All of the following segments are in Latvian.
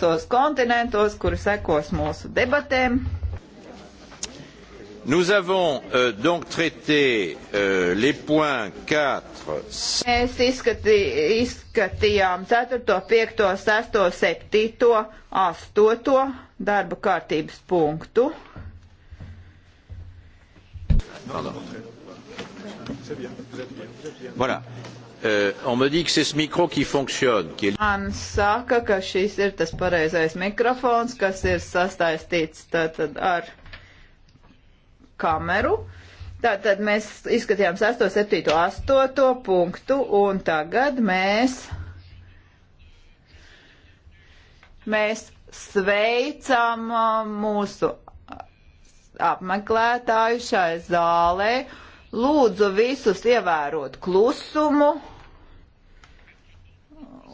piecos kontinentos, kuri sekos mūsu debatēm. Nous avons euh, donc traité euh, les points 4. Mēs izskatī, izskatījām 4., 5., 6., 7., 8. darba kārtības punktu. Pardon. Voilà. Euh, on me dit que c'est ce micro qui fonctionne. Qui est... Man saka, ka šis ir tas pareizais mikrofons, kas ir sastaistīts tātad ar kameru. Tātad mēs izskatījām 6, 7, 8 punktu un tagad mēs, mēs sveicam uh, mūsu apmeklētāju šai zālē. Lūdzu visus ievērot klusumu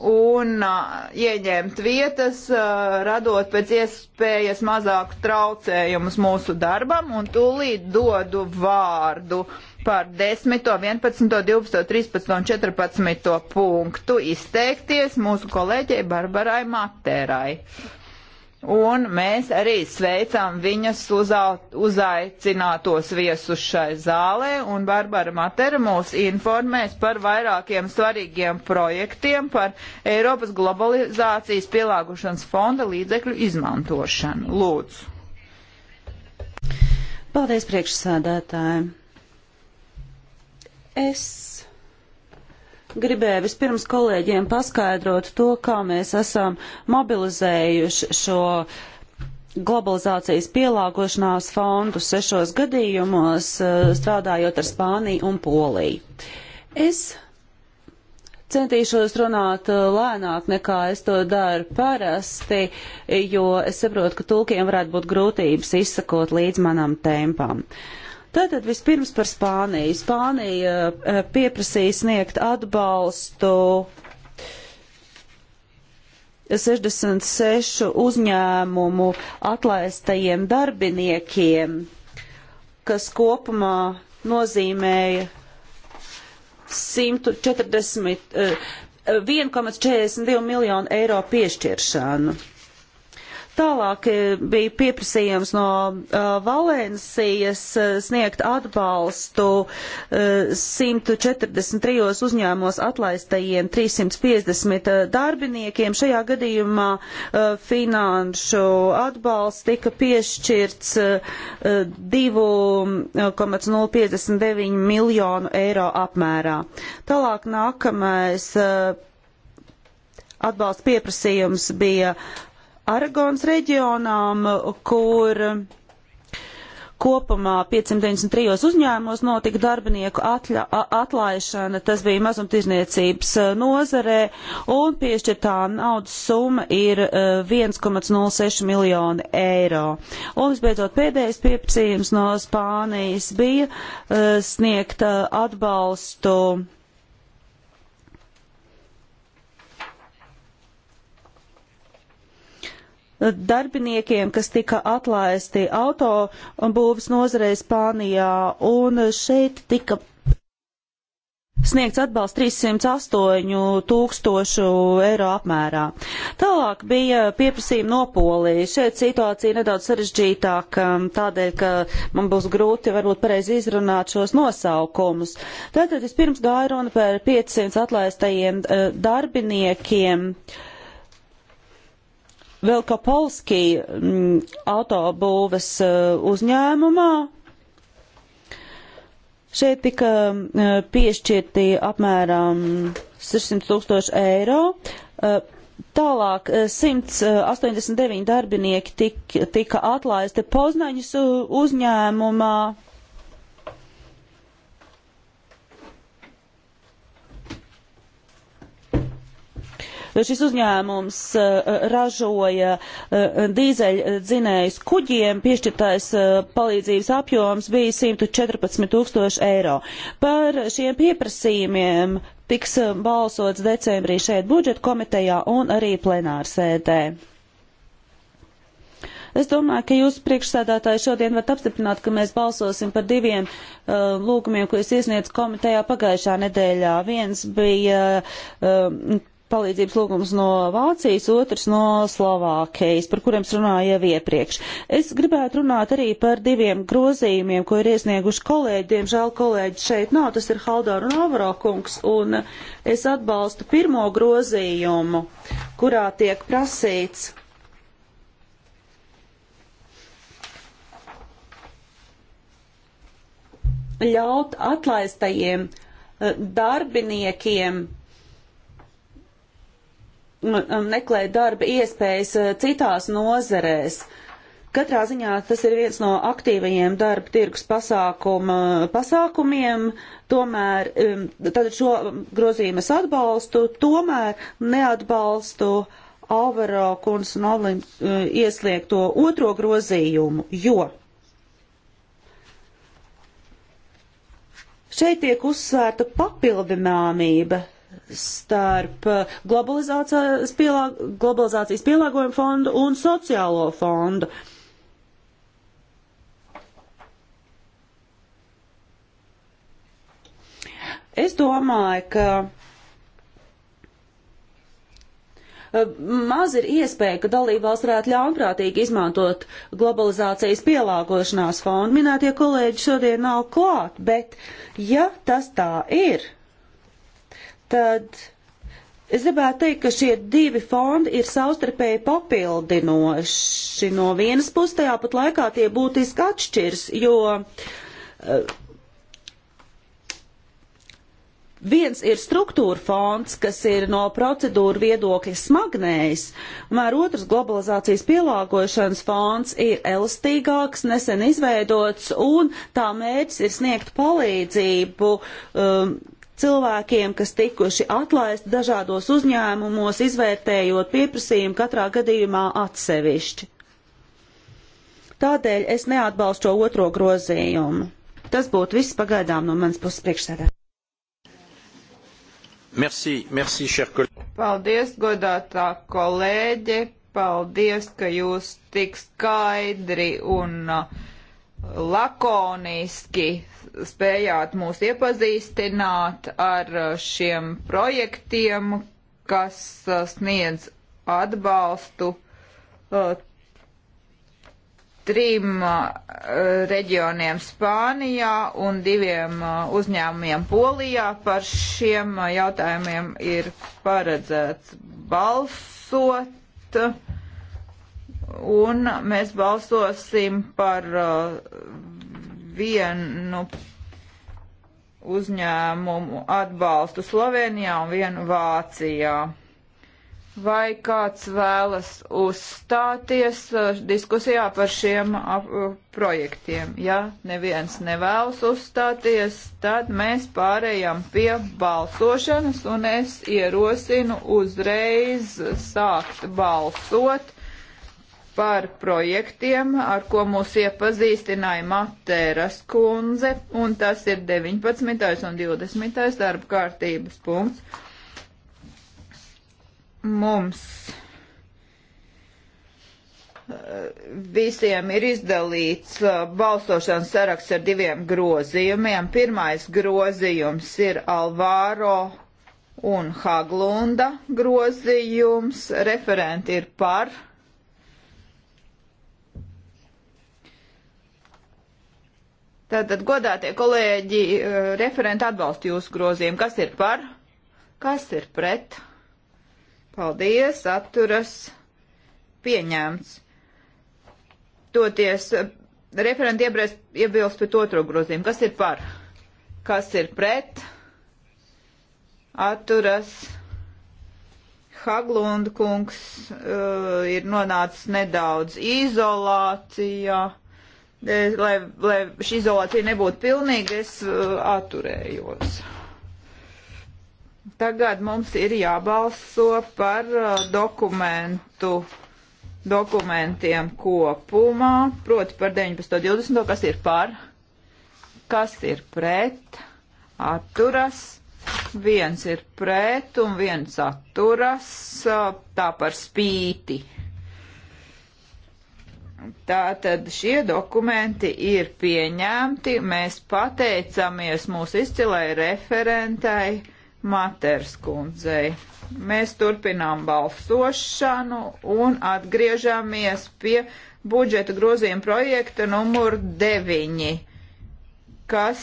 un uh, ieņemt vietas, uh, radot pēc iespējas mazāk traucējumus mūsu darbam, un tūlīt dodu vārdu par 10, 11, 12, 13 un 14 punktu izteikties mūsu kolēģei Barbarai Matērai. Un mēs arī sveicām viņas uzā, uzaicinātos viesus šai zālē, un Barbara Matera mūs informēs par vairākiem svarīgiem projektiem par Eiropas globalizācijas pielāgošanas fonda līdzekļu izmantošanu. Lūdzu. Paldies priekšsādātājiem. Es gribēju vispirms kolēģiem paskaidrot to, kā mēs esam mobilizējuši šo globalizācijas pielāgošanās fondu sešos gadījumos, eh, strādājot ar Spāniju un Poliju. Es centīšos runāt eh, lēnāk nekā es to daru parasti, jo es saprotu, ka tulkiem varētu būt grūtības izsakot līdz manam tempam. Uh, Tātad vispirms par Spāniju. Spānija eh, pieprasīja sniegt atbalstu 66 uzņēmumu atlaistajiem darbiniekiem, kas kopumā nozīmēja 140, 1,42 eh, eh, miljonu eiro piešķiršanu. Tālāk eh, bija pieprasījums no uh, eh, Valensijas eh, sniegt atbalstu uh, 143 uzņēmos atlaistajiem 350 darbiniekiem. Šajā gadījumā uh, finanšu atbalsts tika piešķirts 2,059 miljonu eiro apmērā. Tālāk nākamais atbalsta pieprasījums bija Aragons reģionām, kur kopumā 593 uzņēmumos notika darbinieku atļa, atlaišana, tas bija mazumtirniecības nozarē, un piešķirtā naudas summa ir 1,06 miljoni eiro. Un visbeidzot pēdējais pieprasījums no Spānijas bija sniegt atbalstu darbiniekiem, kas tika atlaisti auto būvas nozarē Spānijā, un šeit tika sniegts atbalsts 308 tūkstošu eiro apmērā. Tālāk bija pieprasījumi no Polijas. Šeit situācija nedaudz sarežģītāka, tādēļ, ka man būs grūti varbūt pareizi izrunāt šos nosaukumus. Tātad vispirms gāja runa par 500 atlaistajiem eh, darbiniekiem. Uh, Velkopolski mm, autobūves eh, uzņēmumā. Šeit tika eh, piešķirti apmēram 600 tūkstoši eiro. Eh, tālāk 189 darbinieki tika, tika atlaisti Poznaņas uzņēmumā. Šis uzņēmums eh, eh, ražoja eh, dīzeļdzinējus kuģiem, piešķirtais palīdzības apjoms bija 114 tūkstoši eiro. Par šiem pieprasījumiem tiks balsots decembrī šeit budžeta komitejā un arī plenārsēdē. Es domāju, ka jūs priekšsēdētāji šodien varat apstiprināt, ka mēs balsosim par diviem uh, lūgumiem, ko es iesniedzu komitejā pagājušā nedēļā. Viens bija uh, palīdzības lūgums no Vācijas, otrs no Slovākijas, par kuriem runāju jau iepriekš. Es gribētu runāt arī par diviem grozījumiem, ko ir iesnieguši kolēģi. Diemžēl kolēģi šeit nav, tas ir Haldor un Avro kungs, un es atbalstu pirmo grozījumu, kurā tiek prasīts. Ļaut atlaistajiem eh, darbiniekiem meklē darba iespējas e, citās nozerēs. Katrā ziņā tas ir viens no aktīvajiem darba tirgus pasākuma, e, pasākumiem, tomēr e, tad šo grozījumu es atbalstu, tomēr neatbalstu Alvaro Kuns Novlin iesliegto otro grozījumu, jo šeit tiek uzsvērta papildināmība starp globalizācijas, pielā, globalizācijas pielāgojumu fondu un sociālo fondu. Es domāju, ka e, maz ir iespēja, ka dalībvalsts varētu ļaunprātīgi izmantot globalizācijas pielāgošanās fondu. Minētie kolēģi šodien nav klāt, bet ja tas tā ir, tad es gribētu teikt, ka šie divi fondi ir savstarpēji papildinoši. No vienas puses tajā pat laikā tie būtiski atšķirs, jo eh, Viens ir struktūra fonds, kas ir no procedūra viedokļa smagnējs, mēr otrs globalizācijas pielāgošanas fonds ir elastīgāks, nesen izveidots, un tā mērķis ir sniegt palīdzību um, cilvēkiem, kas tikuši atlaisti dažādos uzņēmumos, izvērtējot pieprasījumu katrā gadījumā atsevišķi. Tādēļ es neatbalstu šo otro grozījumu. Tas būtu viss pagaidām no manas puses priekšsēdē. Merci, merci, cher kolēģi. Paldies, godātā kolēģe, paldies, ka jūs tik skaidri un uh, lakoniski spējāt mūs iepazīstināt ar šiem projektiem, kas uh, sniedz atbalstu uh, trim uh, reģioniem Spānijā un diviem uh, uzņēmumiem Polijā. Par šiem uh, jautājumiem ir paredzēts balsot un mēs balsosim par uh, vienu uzņēmumu atbalstu Slovenijā un vienu Vācijā. Vai kāds vēlas uzstāties uh, diskusijā par šiem uh, projektiem? Ja neviens nevēlas uzstāties, tad mēs pārējām pie balsošanas un es ierosinu uzreiz sākt balsot par projektiem, ar ko mūs iepazīstināja Matēras kundze, un tas ir 19. un 20. darba kārtības punkts. Mums eh, visiem ir izdalīts eh, balsošanas saraksts ar diviem grozījumiem. Pirmais grozījums ir Alvāro un Haglunda grozījums. Referenti ir par Tātad, godātie kolēģi, eh, referenti atbalsta jūsu grozījumu. Kas ir par? Kas ir pret? Paldies, atturas, pieņēmts. Toties, eh, referenti iebrēs, iebilst pret otro grozījumu. Kas ir par? Kas ir pret? Atturas. Haglund kungs uh, ir nonācis nedaudz izolācijā. Uh, lai, lai šī izolācija nebūtu pilnīga, es uh, atturējos. Tagad mums ir jābalso par uh, dokumentu, dokumentiem kopumā, proti par 19.20. kas ir par, kas ir pret, atturas, viens ir pret un viens atturas, uh, tā par spīti Tātad šie dokumenti ir pieņemti. Mēs pateicamies mūsu izcilai referentai Materskundzei. Mēs turpinām balsošanu un atgriežamies pie budžeta grozījuma projekta numur 9, kas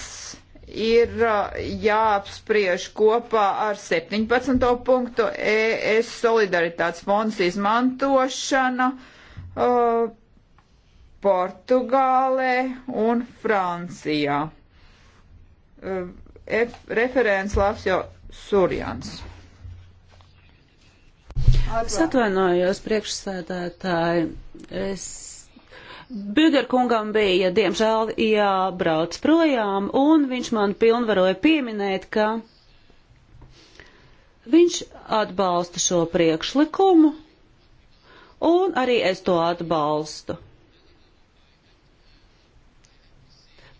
ir uh, jāapspriež kopā ar 17. punktu ES solidaritātes fonds izmantošana. Uh, Portugālē un Francijā. Uh, referents Lavsjo Surjans. Es atvainojos priekšsēdētāji. Es Bigerkungam bija, diemžēl, jābrauc projām, un viņš man pilnvaroja pieminēt, ka viņš atbalsta šo priekšlikumu, un arī es to atbalstu.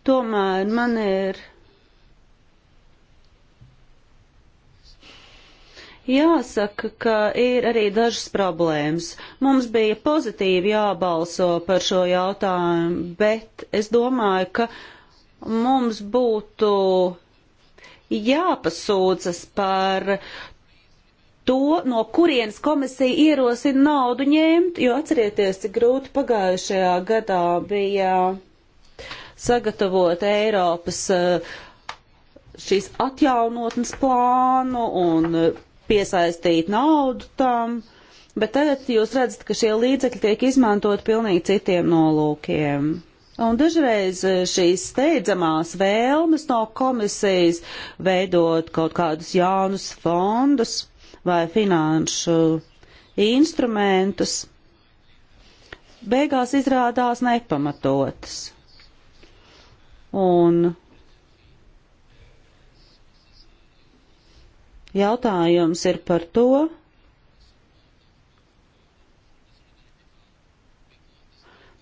Tomēr man ir Jāsaka, ka ir arī dažas problēmas. Mums bija pozitīvi jābalso par šo jautājumu, bet es domāju, ka mums būtu jāpasūdzas par to, no kurienes komisija ierosina naudu ņemt, jo atcerieties, cik grūti pagājušajā gadā bija sagatavot Eiropas eh, šīs atjaunotnes plānu un eh, piesaistīt naudu tam, bet tagad jūs redzat, ka šie līdzekļi tiek izmantot pilnīgi citiem nolūkiem. Un dažreiz eh, šīs steidzamās vēlmes no komisijas veidot kaut kādus jaunus fondus vai finanšu instrumentus beigās izrādās nepamatotas. Un jautājums ir par to,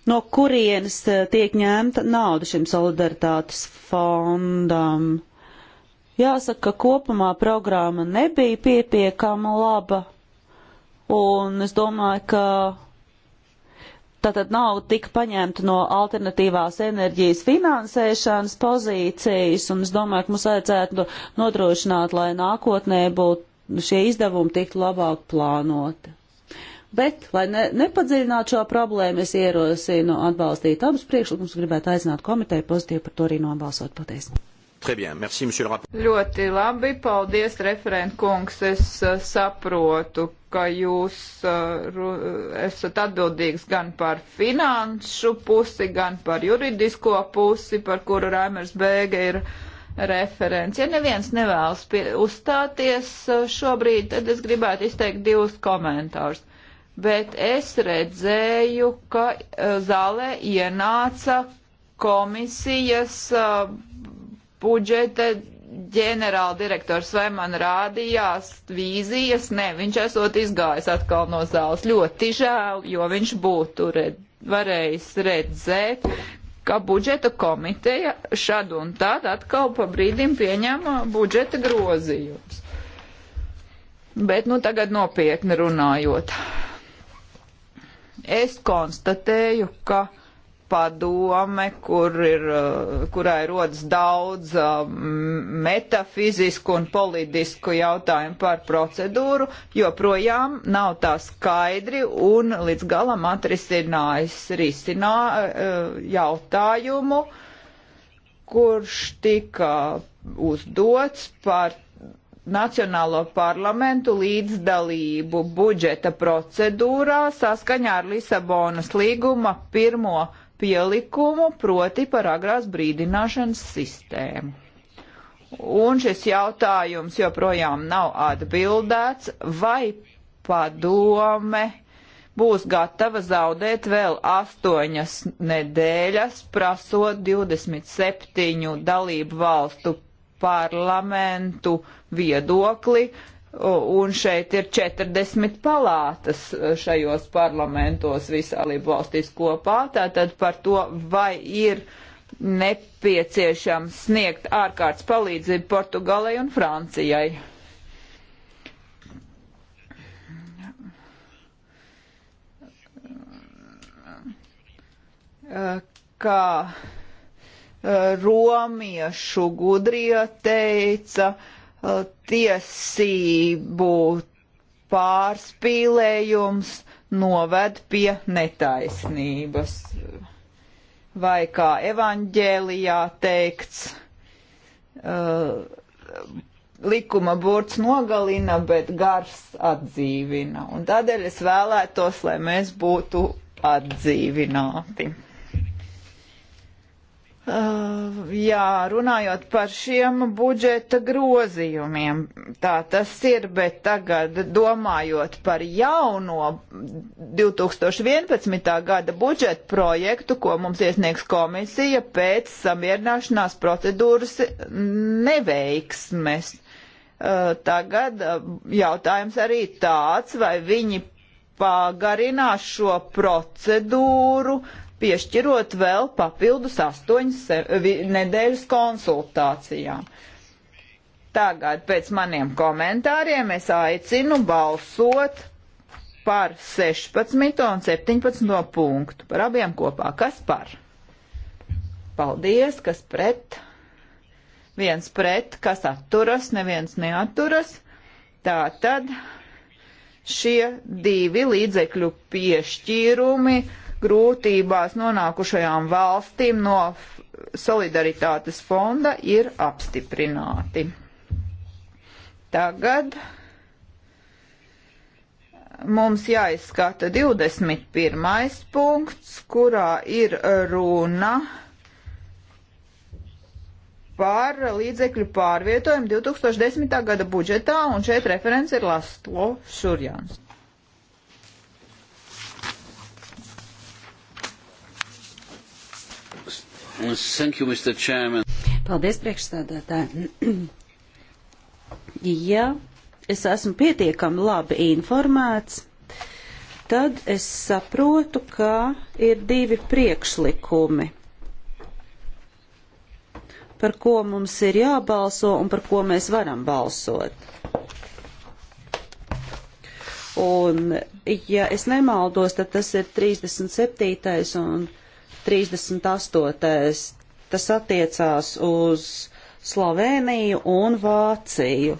no kurienes eh, tiek ņemta nauda šim solidaritātes fondam. Jāsaka, ka kopumā programma nebija pietiekama laba, un es domāju, ka tātad nauda tika paņemta no alternatīvās enerģijas finansēšanas pozīcijas, un es domāju, ka mums vajadzētu nodrošināt, lai nākotnē būtu šie izdevumi tiktu labāk plānoti. Bet, lai ne, nepadziļinātu šo problēmu, es ierosinu atbalstīt abus priekšlikumus, gribētu aicināt komiteju pozitīvi par to arī nobalsot. Paldies! Merci, Ļoti labi, paldies, referent kungs. Es eh, saprotu, ka jūs eh, eh, esat atbildīgs gan par finanšu pusi, gan par juridisko pusi, par kuru Raimers Bēga ir referents. Ja neviens nevēlas pie, uzstāties šobrīd, tad es gribētu izteikt divus komentārus. Bet es redzēju, ka zālē ienāca komisijas uh, budžeta ģenerāla direktors vai man rādījās vīzijas, ne, viņš esot izgājis atkal no zāles. Ļoti žēl, jo viņš būtu red, varējis redzēt, ka budžeta komiteja šad un tad atkal pa brīdim pieņēma budžeta grozījumus. Bet nu tagad nopietni runājot. Es konstatēju, ka padome, kur ir, eh, kurai rodas daudz eh, metafizisku un politisku jautājumu par procedūru, joprojām nav tā skaidri un līdz galam atrisinājis risinā, eh, jautājumu, kurš tika uzdots par Nacionālo parlamentu līdzdalību budžeta procedūrā saskaņā ar Lisabonas līguma pirmo pielikumu, proti par agrās brīdināšanas sistēmu. Un šis jautājums joprojām nav atbildēts, vai padome būs gatava zaudēt vēl astoņas nedēļas, prasot 27 dalību valstu parlamentu viedokli un šeit ir 40 palātas šajos parlamentos visā Lību valstīs kopā, tātad par to, vai ir nepieciešams sniegt ārkārtas palīdzību Portugalei un Francijai. Kā eh, romiešu gudrie teica, uh, Uh, tiesību pārspīlējums noved pie netaisnības. Vai kā evaņģēlijā teikts, uh, likuma burts nogalina, bet gars atdzīvina. Un tādēļ es vēlētos, lai mēs būtu atdzīvināti. Uh, jā, runājot par šiem budžeta grozījumiem, tā tas ir, bet tagad domājot par jauno 2011. gada budžeta projektu, ko mums iesniegs komisija pēc samierināšanās procedūras neveiksmes. Uh, tagad uh, jautājums arī tāds, vai viņi pagarinās šo procedūru, piešķirot vēl papildus astoņas nedēļas konsultācijām. Tagad pēc maniem komentāriem es aicinu balsot par 16 un 17 punktu, par abiem kopā. Kas par? Paldies, kas pret? Viens pret, kas atturas, neviens neaturas. Tā tad šie divi līdzekļu piešķīrumi grūtībās nonākušajām valstīm no solidaritātes fonda ir apstiprināti. Tagad mums jāizskata 21. punkts, kurā ir runa par līdzekļu pārvietojumu 2010. gada budžetā, un šeit referents ir Laslo Šurjans. Thank you, Mr. Chairman. Paldies, priekšstādātāji. ja es esmu pietiekami labi informēts, tad es saprotu, ka ir divi priekšlikumi, par ko mums ir jābalso un par ko mēs varam balsot. Un, ja es nemaldos, tad tas ir 37. un 38. 38. Tas attiecās uz Sloveniju un Vāciju.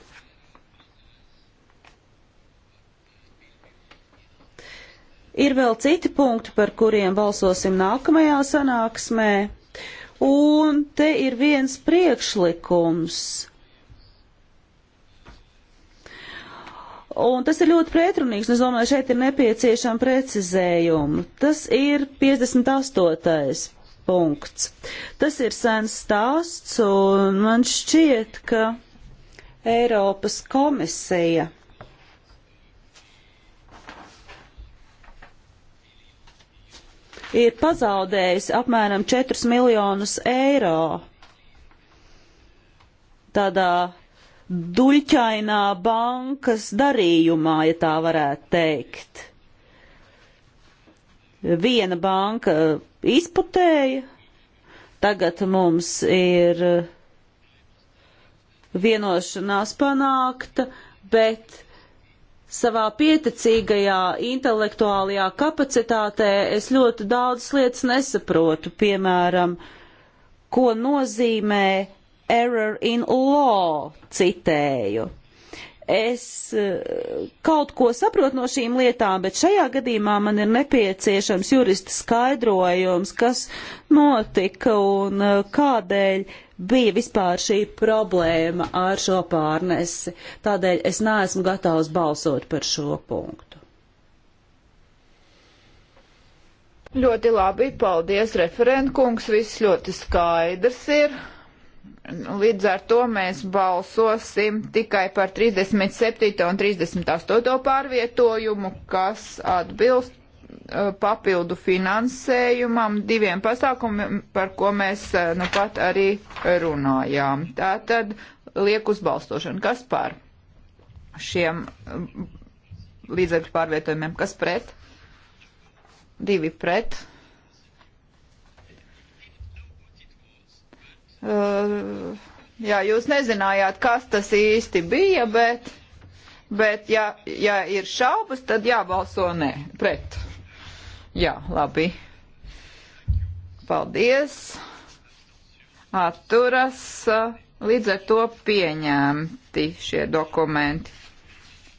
Ir vēl citi punkti, par kuriem balsosim nākamajā sanāksmē. Un te ir viens priekšlikums Un tas ir ļoti pretrunīgs, un es domāju, šeit ir nepieciešama precizējuma. Tas ir 58. punkts. Tas ir sens stāsts, un man šķiet, ka Eiropas komisija ir pazaudējusi apmēram 4 miljonus eiro tādā duļķainā bankas darījumā, ja tā varētu teikt. Viena banka izputēja, tagad mums ir vienošanās panākta, bet savā pieticīgajā intelektuālajā kapacitātē es ļoti daudz lietas nesaprotu, piemēram, ko nozīmē error in law, citēju. Es eh, kaut ko saprotu no šīm lietām, bet šajā gadījumā man ir nepieciešams jurista skaidrojums, kas notika un eh, kādēļ bija vispār šī problēma ar šo pārnesi. Tādēļ es neesmu gatavs balsot par šo punktu. Ļoti labi, paldies, referentkungs, viss ļoti skaidrs ir. Līdz ar to mēs balsosim tikai par 37. un 38. pārvietojumu, kas atbilst uh, papildu finansējumam diviem pasākumiem, par ko mēs uh, nu pat arī runājām. Tā tad liek uz balstošanu. Kas par šiem um, līdzekļu pārvietojumiem? Kas pret? Divi pret Eh, jā, jūs nezinājāt, kas tas īsti bija, bet, bet ja, ja ir šaubas, tad jābalso nē, pret. Jā, labi. Paldies. Atturas. Eh, līdz ar to pieņemti šie dokumenti.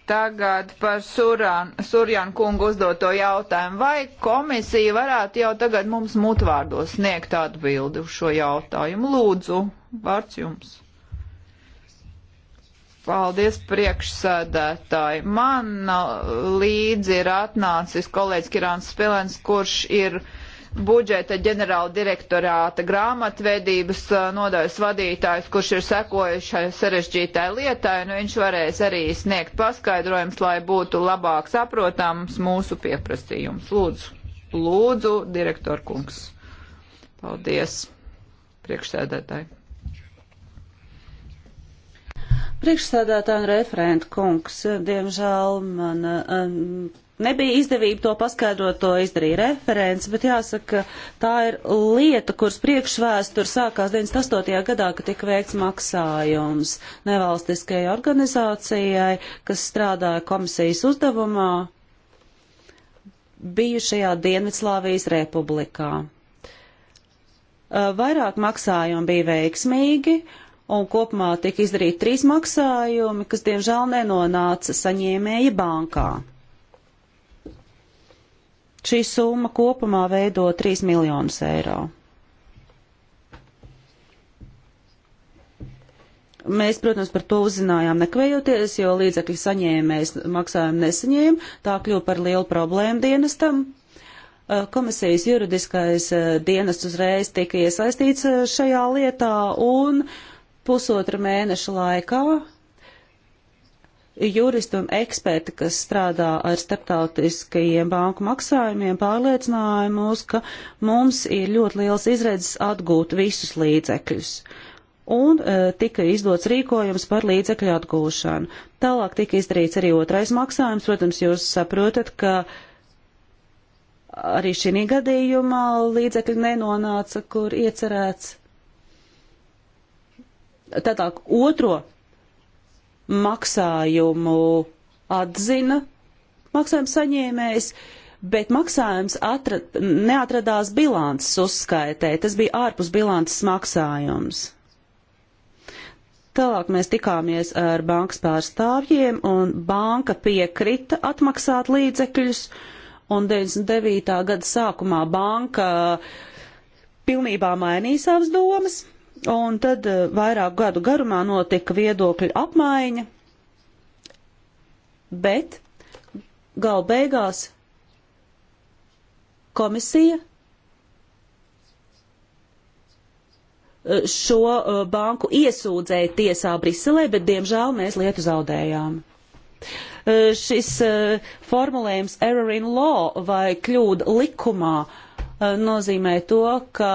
Tagad par Surjānu kungu uzdoto jautājumu. Vai komisija varētu jau tagad mums mutvārdos sniegt atbildi uz šo jautājumu? Lūdzu, vārds jums. Paldies, priekšsēdētāji. Man uh, līdzi ir atnācis kolēģis Kirāns Spilens, kurš ir uh, budžeta ģenerāla direktorāta grāmatvedības nodaļas vadītājs, kurš ir sekojis šai sarežģītai lietai, nu viņš varēs arī sniegt paskaidrojums, lai būtu labāk saprotams mūsu pieprasījums. Lūdzu, lūdzu, direktor kungs. Paldies, priekšsēdētāji. Priekšsēdētāji un referenta kungs, diemžēl man um, Nebija izdevība to paskaidrot, to izdarīja referents, bet jāsaka, tā ir lieta, kuras priekšvēstur sākās 98. gadā, kad tika veikts maksājums nevalstiskajai organizācijai, kas strādāja komisijas uzdevumā bijušajā Dienvidslāvijas republikā. Vairāk maksājumi bija veiksmīgi, un kopumā tika izdarīti trīs maksājumi, kas diemžēl nenonāca saņēmēja bankā. Šī summa kopumā veido 3 miljonus eiro. Mēs, protams, par to uzzinājām nekvējoties, jo līdzekļu saņēmējs maksājumu nesaņēma. Tā kļūpa par lielu problēmu dienestam. Eh, komisijas juridiskais eh, dienests uzreiz tika iesaistīts eh, šajā lietā un pusotra mēneša laikā juristi un eksperti, kas strādā ar starptautiskajiem banku maksājumiem, pārliecināja mūs, ka mums ir ļoti liels izredzes atgūt visus līdzekļus. Un e, tika izdots rīkojums par līdzekļu atgūšanu. Tālāk tika izdarīts arī otrais maksājums. Protams, jūs saprotat, ka arī šī gadījumā līdzekļi nenonāca, kur iecerēts. Tātāk otro maksājumu atzina maksājuma saņēmējs, bet maksājums atra, neatradās bilances uzskaitē. Tas bija ārpus bilances maksājums. Tālāk mēs tikāmies ar bankas pārstāvjiem, un banka piekrita atmaksāt līdzekļus, un 99. gada sākumā banka pilnībā mainīja savas domas. Un tad eh, vairāku gadu garumā notika viedokļu apmaiņa, bet galu beigās komisija eh, šo eh, banku iesūdzēja tiesā Briselē, bet diemžēl mēs lietu zaudējām. Šis formulējums error in law vai kļūda likumā uh, nozīmē to, ka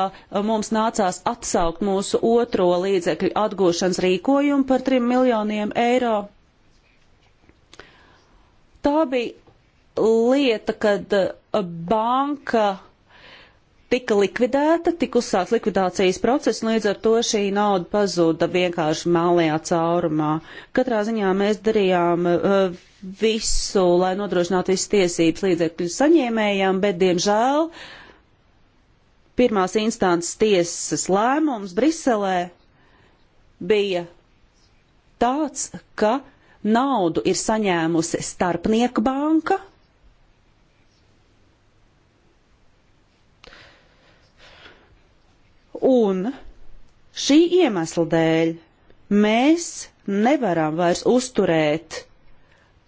mums nācās atsaukt mūsu otro līdzekļu atgūšanas rīkojumu par 3 miljoniem eiro. Tā bija lieta, kad banka tika likvidēta, tika uzsākts likvidācijas process, un līdz ar to šī nauda pazuda vienkārši mālajā caurumā. Katrā ziņā mēs darījām eh, visu, lai nodrošinātu visas tiesības līdzekļu saņēmējām, bet, diemžēl, uh, pirmās instances tiesas lēmums Briselē bija tāds, ka naudu ir saņēmusi starpnieku banka. Un šī iemesla dēļ mēs nevaram vairs uzturēt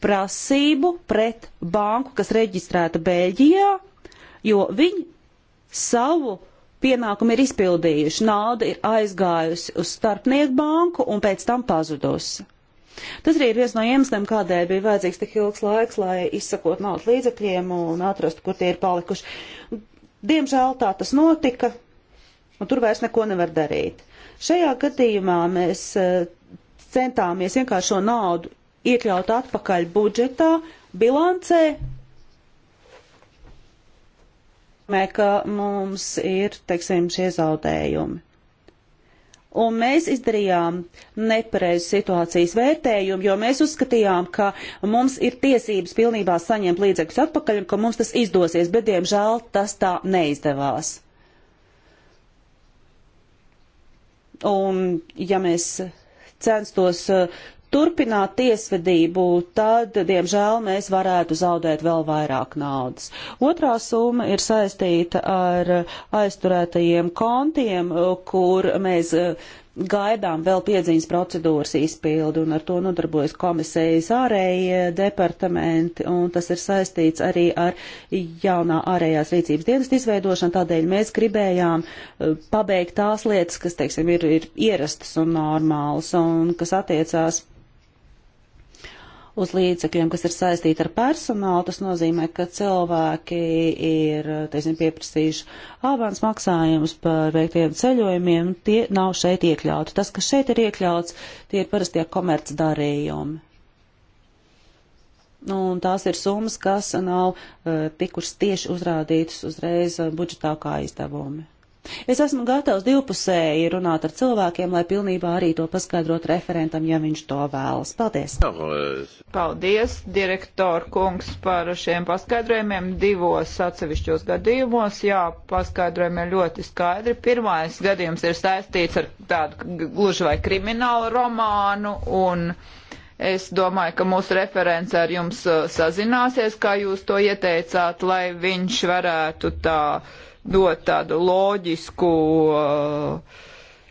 prasību pret banku, kas reģistrēta Beļģijā, jo viņi savu pienākumu ir izpildījuši, nauda ir aizgājusi uz starpnieku banku un pēc tam pazudusi. Tas arī ir viens no iemesliem, kādēļ bija vajadzīgs tik ilgs laiks, lai izsakot naudas līdzekļiem un atrastu, kur tie ir palikuši. Diemžēl tā tas notika, un tur vairs neko nevar darīt. Šajā gadījumā mēs eh, centāmies vienkārši šo naudu iekļaut atpakaļ budžetā, bilancē nozīmē, ka mums ir, teiksim, šie zaudējumi. Un mēs izdarījām nepareizu situācijas vērtējumu, jo mēs uzskatījām, ka mums ir tiesības pilnībā saņemt līdzekļus atpakaļ un ka mums tas izdosies, bet diemžēl tas tā neizdevās. Un ja mēs censtos turpināt tiesvedību, tad, diemžēl, mēs varētu zaudēt vēl vairāk naudas. Otrā summa ir saistīta ar aizturētajiem kontiem, kur mēs eh, gaidām vēl piedziņas procedūras izpildu, un ar to nodarbojas komisijas ārējie departamenti, un tas ir saistīts arī ar jaunā ārējās rīcības dienas izveidošanu, tādēļ mēs gribējām eh, pabeigt tās lietas, kas, teiksim, ir, ir ierastas un normālas, un kas attiecās uz līdzekļiem, kas ir saistīti ar personālu, tas nozīmē, ka cilvēki ir, teiksim, pieprasījuši avans maksājumus par veiktiem ceļojumiem, tie nav šeit iekļauti. Tas, kas šeit ir iekļauts, tie ir parastie komercdarījumi. Nu, un tās ir summas, kas nav uh, tikušas tieši uzrādītas uzreiz eh, budžetā kā izdevumi. Es esmu gatavs divpusēji runāt ar cilvēkiem, lai pilnībā arī to paskaidrot referentam, ja viņš to vēlas. Paldies! Paldies, direktor kungs, par šiem paskaidrojumiem divos atsevišķos gadījumos. Jā, paskaidrojumi ir ļoti skaidri. Pirmais gadījums ir saistīts ar tādu gluži vai kriminālu romānu un. Es domāju, ka mūsu referents ar jums uh, sazināsies, kā jūs to ieteicāt, lai viņš varētu tā uh, dot tādu loģisku uh,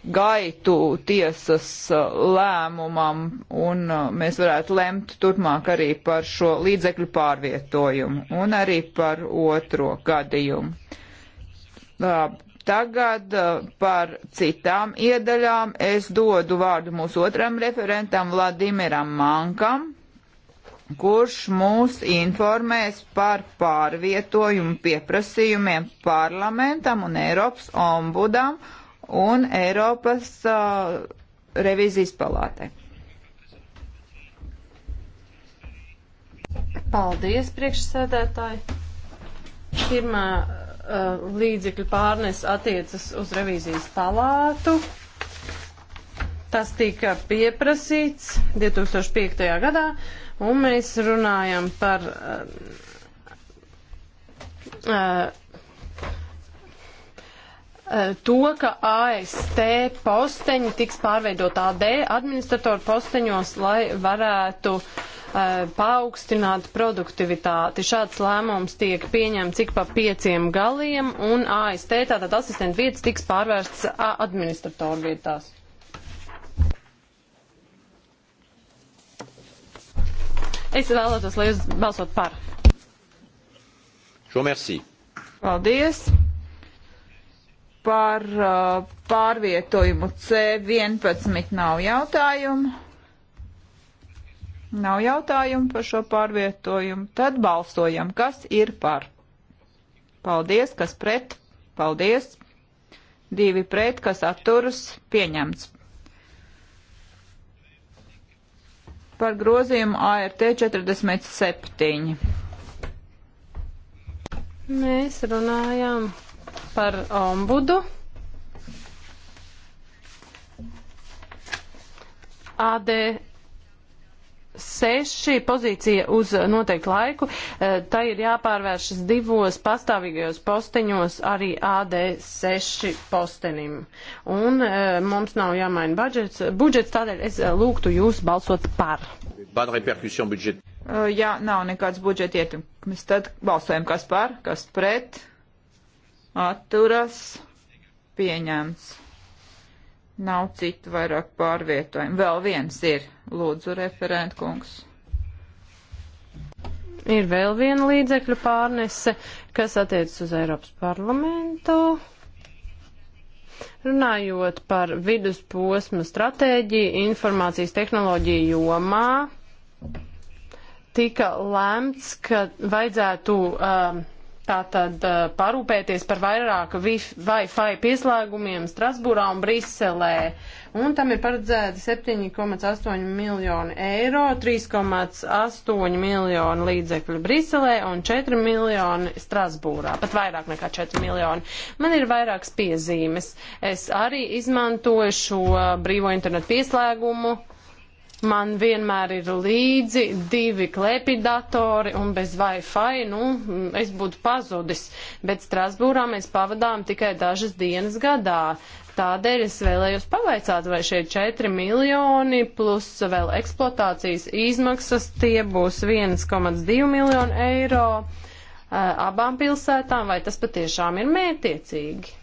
gaitu tiesas uh, lēmumam, un uh, mēs varētu lemt turpmāk arī par šo līdzekļu pārvietojumu un arī par otro gadījumu. Tagad uh, par citām iedaļām es dodu vārdu mūsu otram referentam Vladimiram Mankam kurš mūs informēs par pārvietojumu pieprasījumiem parlamentam un Eiropas ombudam un Eiropas uh, revizijas palātei. Paldies, priekšsēdētāji. Pirmā uh, līdzekļu pārnes attiecas uz revīzijas palātu. Tas tika pieprasīts 2005. gadā, un mēs runājam par uh, uh, uh to, ka AST posteņi tiks pārveidot AD administratoru posteņos, lai varētu uh, paaugstināt produktivitāti. Šāds lēmums tiek pieņemts ik pa pieciem galiem, un AST, tātad asistenta vietas, tiks pārvērsts administratoru vietās. Es vēlētos, lai jūs balsot par. Šo merci. Paldies par uh, pārvietojumu C11 nav jautājumu. Nav jautājumu par šo pārvietojumu. Tad balsojam, kas ir par. Paldies, kas pret. Paldies. Divi pret, kas atturas. Pieņemts. par grozījumu ART 47. Mēs runājām par ombudu. AD 6 pozīcija uz noteiktu laiku. E, Tā ir jāpārvēršas divos pastāvīgajos posteņos arī AD6 postenim. Un e, mums nav jāmaina budžets, budžets tādēļ es lūgtu jūs balsot par. E, jā, nav nekāds budžeta ietekmes. Tad balsojam, kas par, kas pret, atturas, pieņēms. Nav citu vairāk pārvietojumu. Vēl viens ir. Lūdzu, referentkungs. Ir vēl viena līdzekļu pārnese, kas attiecas uz Eiropas parlamentu. Runājot par vidusposma stratēģiju informācijas tehnoloģiju jomā, tika lemts, ka vajadzētu uh, um, tātad uh, parūpēties par vairāk Wi-Fi pieslēgumiem Strasbūrā un Briselē. Un tam ir paredzēti 7,8 miljoni eiro, 3,8 miljoni līdzekļu Briselē un 4 miljoni Strasbūrā. Pat vairāk nekā 4 miljoni. Man ir vairākas piezīmes. Es arī izmantoju šo uh, brīvo internetu pieslēgumu Man vienmēr ir līdzi divi klepidatori un bez Wi-Fi, nu, es būtu pazudis, bet Strasbūrā mēs pavadām tikai dažas dienas gadā. Tādēļ es vēlējos pavaicāt, vai šie 4 miljoni plus vēl eksploatācijas izmaksas tie būs 1,2 miljonu eiro eh, abām pilsētām, vai tas patiešām ir mērtiecīgi?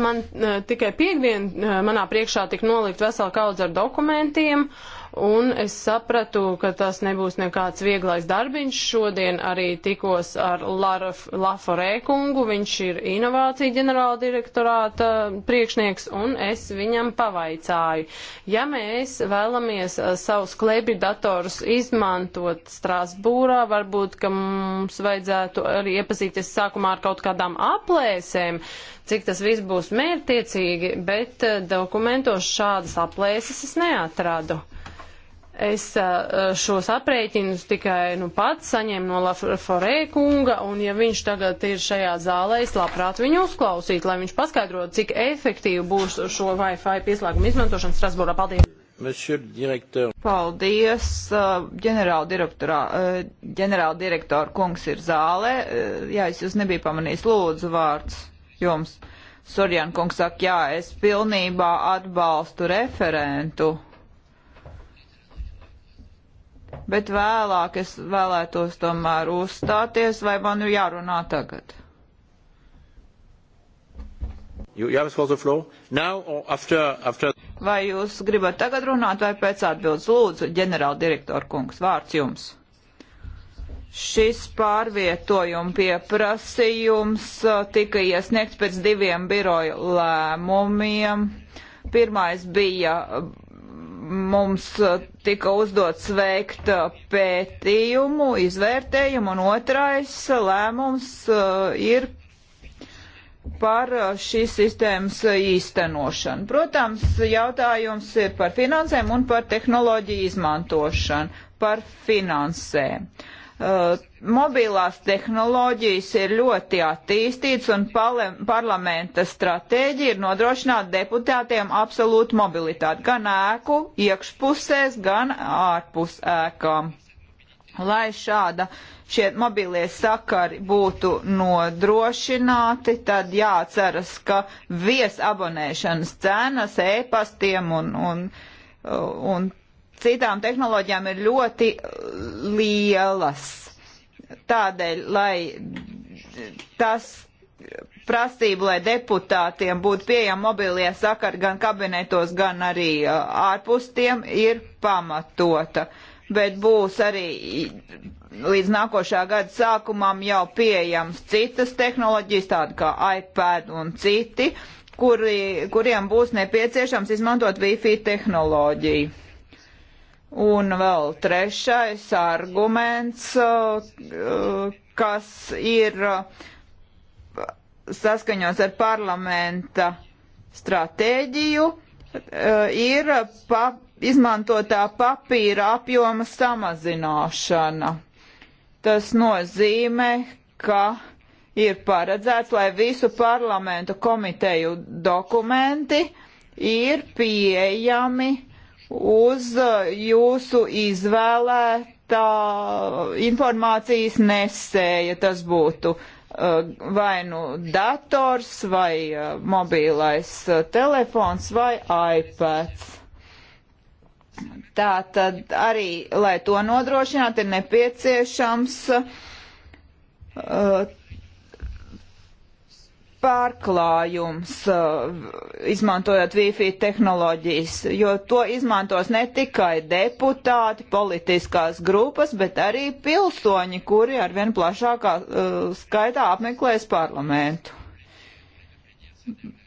man uh, tikai piekdien uh, manā priekšā tika nolikt vesela kaudze ar dokumentiem, un es sapratu, ka tas nebūs nekāds vieglais darbiņš. Šodien arī tikos ar Laforē kungu, viņš ir inovācija ģenerāla direktorāta priekšnieks, un es viņam pavaicāju. Ja mēs vēlamies eh, savus klebidatorus izmantot Strasbūrā, varbūt, ka mums vajadzētu arī iepazīties sākumā ar kaut kādām aplēsēm, cik tas viss būs mērtiecīgi, bet eh, dokumentos šādas aplēses es neatradu. Es šos aprēķinus tikai nu, pats saņēmu no Laforē kunga, un ja viņš tagad ir šajā zālē, es labprāt viņu uzklausītu, lai viņš paskaidrotu, cik efektīvi būs šo Wi-Fi pieslēgumu izmantošana Strasbūrā. Paldies! Paldies, ģenerāldirektorā. Ģenerāldirektora kungs ir zālē. Jā, es jūs nebiju pamanījis. Lūdzu, vārds jums. Sorjan kungs saka, jā, es pilnībā atbalstu referentu bet vēlāk es vēlētos tomēr uzstāties, vai man ir jārunā tagad? You, you after, after... Vai jūs gribat tagad runāt vai pēc atbildes? Lūdzu, ģenerāla direktora kungs, vārds jums. Šis pārvietojuma pieprasījums uh, tika iesniegts pēc diviem biroju lēmumiem. Pirmais bija uh, mums eh, tika uzdots veikt eh, pētījumu, izvērtējumu, un otrais lēmums eh, ir par šīs sistēmas īstenošanu. Protams, jautājums ir par finansēm un par tehnoloģiju izmantošanu, par finansēm. Uh, mobilās tehnoloģijas ir ļoti attīstīts un parlamenta stratēģija ir nodrošināt deputātiem absolūtu mobilitāti gan ēku iekšpusēs, gan ārpus ēkām. Lai šāda šie mobilie sakari būtu nodrošināti, tad jāatceras, ka vies abonēšanas cenas e-pastiem un, un, un citām tehnoloģijām ir ļoti lielas tādēļ, lai tas prasību, lai deputātiem būtu pieejami mobilie sakari gan kabinetos, gan arī ārpus tiem, ir pamatota. Bet būs arī līdz nākošā gada sākumam jau pieejams citas tehnoloģijas, tāda kā iPad un citi, kuri, kuriem būs nepieciešams izmantot Wi-Fi tehnoloģiju. Un vēl trešais arguments, uh, kas ir uh, saskaņos ar parlamenta stratēģiju, uh, ir pa, izmantotā papīra apjoma samazināšana. Tas nozīmē, ka ir paredzēts, lai visu parlamentu komiteju dokumenti ir pieejami uh, uz uh, jūsu izvēlētā informācijas nesēja. Tas būtu uh, vai nu dators, vai uh, mobīlais telefons, vai iPads. Tā tad arī, lai to nodrošinātu, ir nepieciešams uh, pārklājums, uh, izmantojot Wi-Fi tehnoloģijas, jo to izmantos ne tikai deputāti, politiskās grupas, bet arī pilsoņi, kuri arvien plašākā uh, skaitā apmeklēs parlamentu.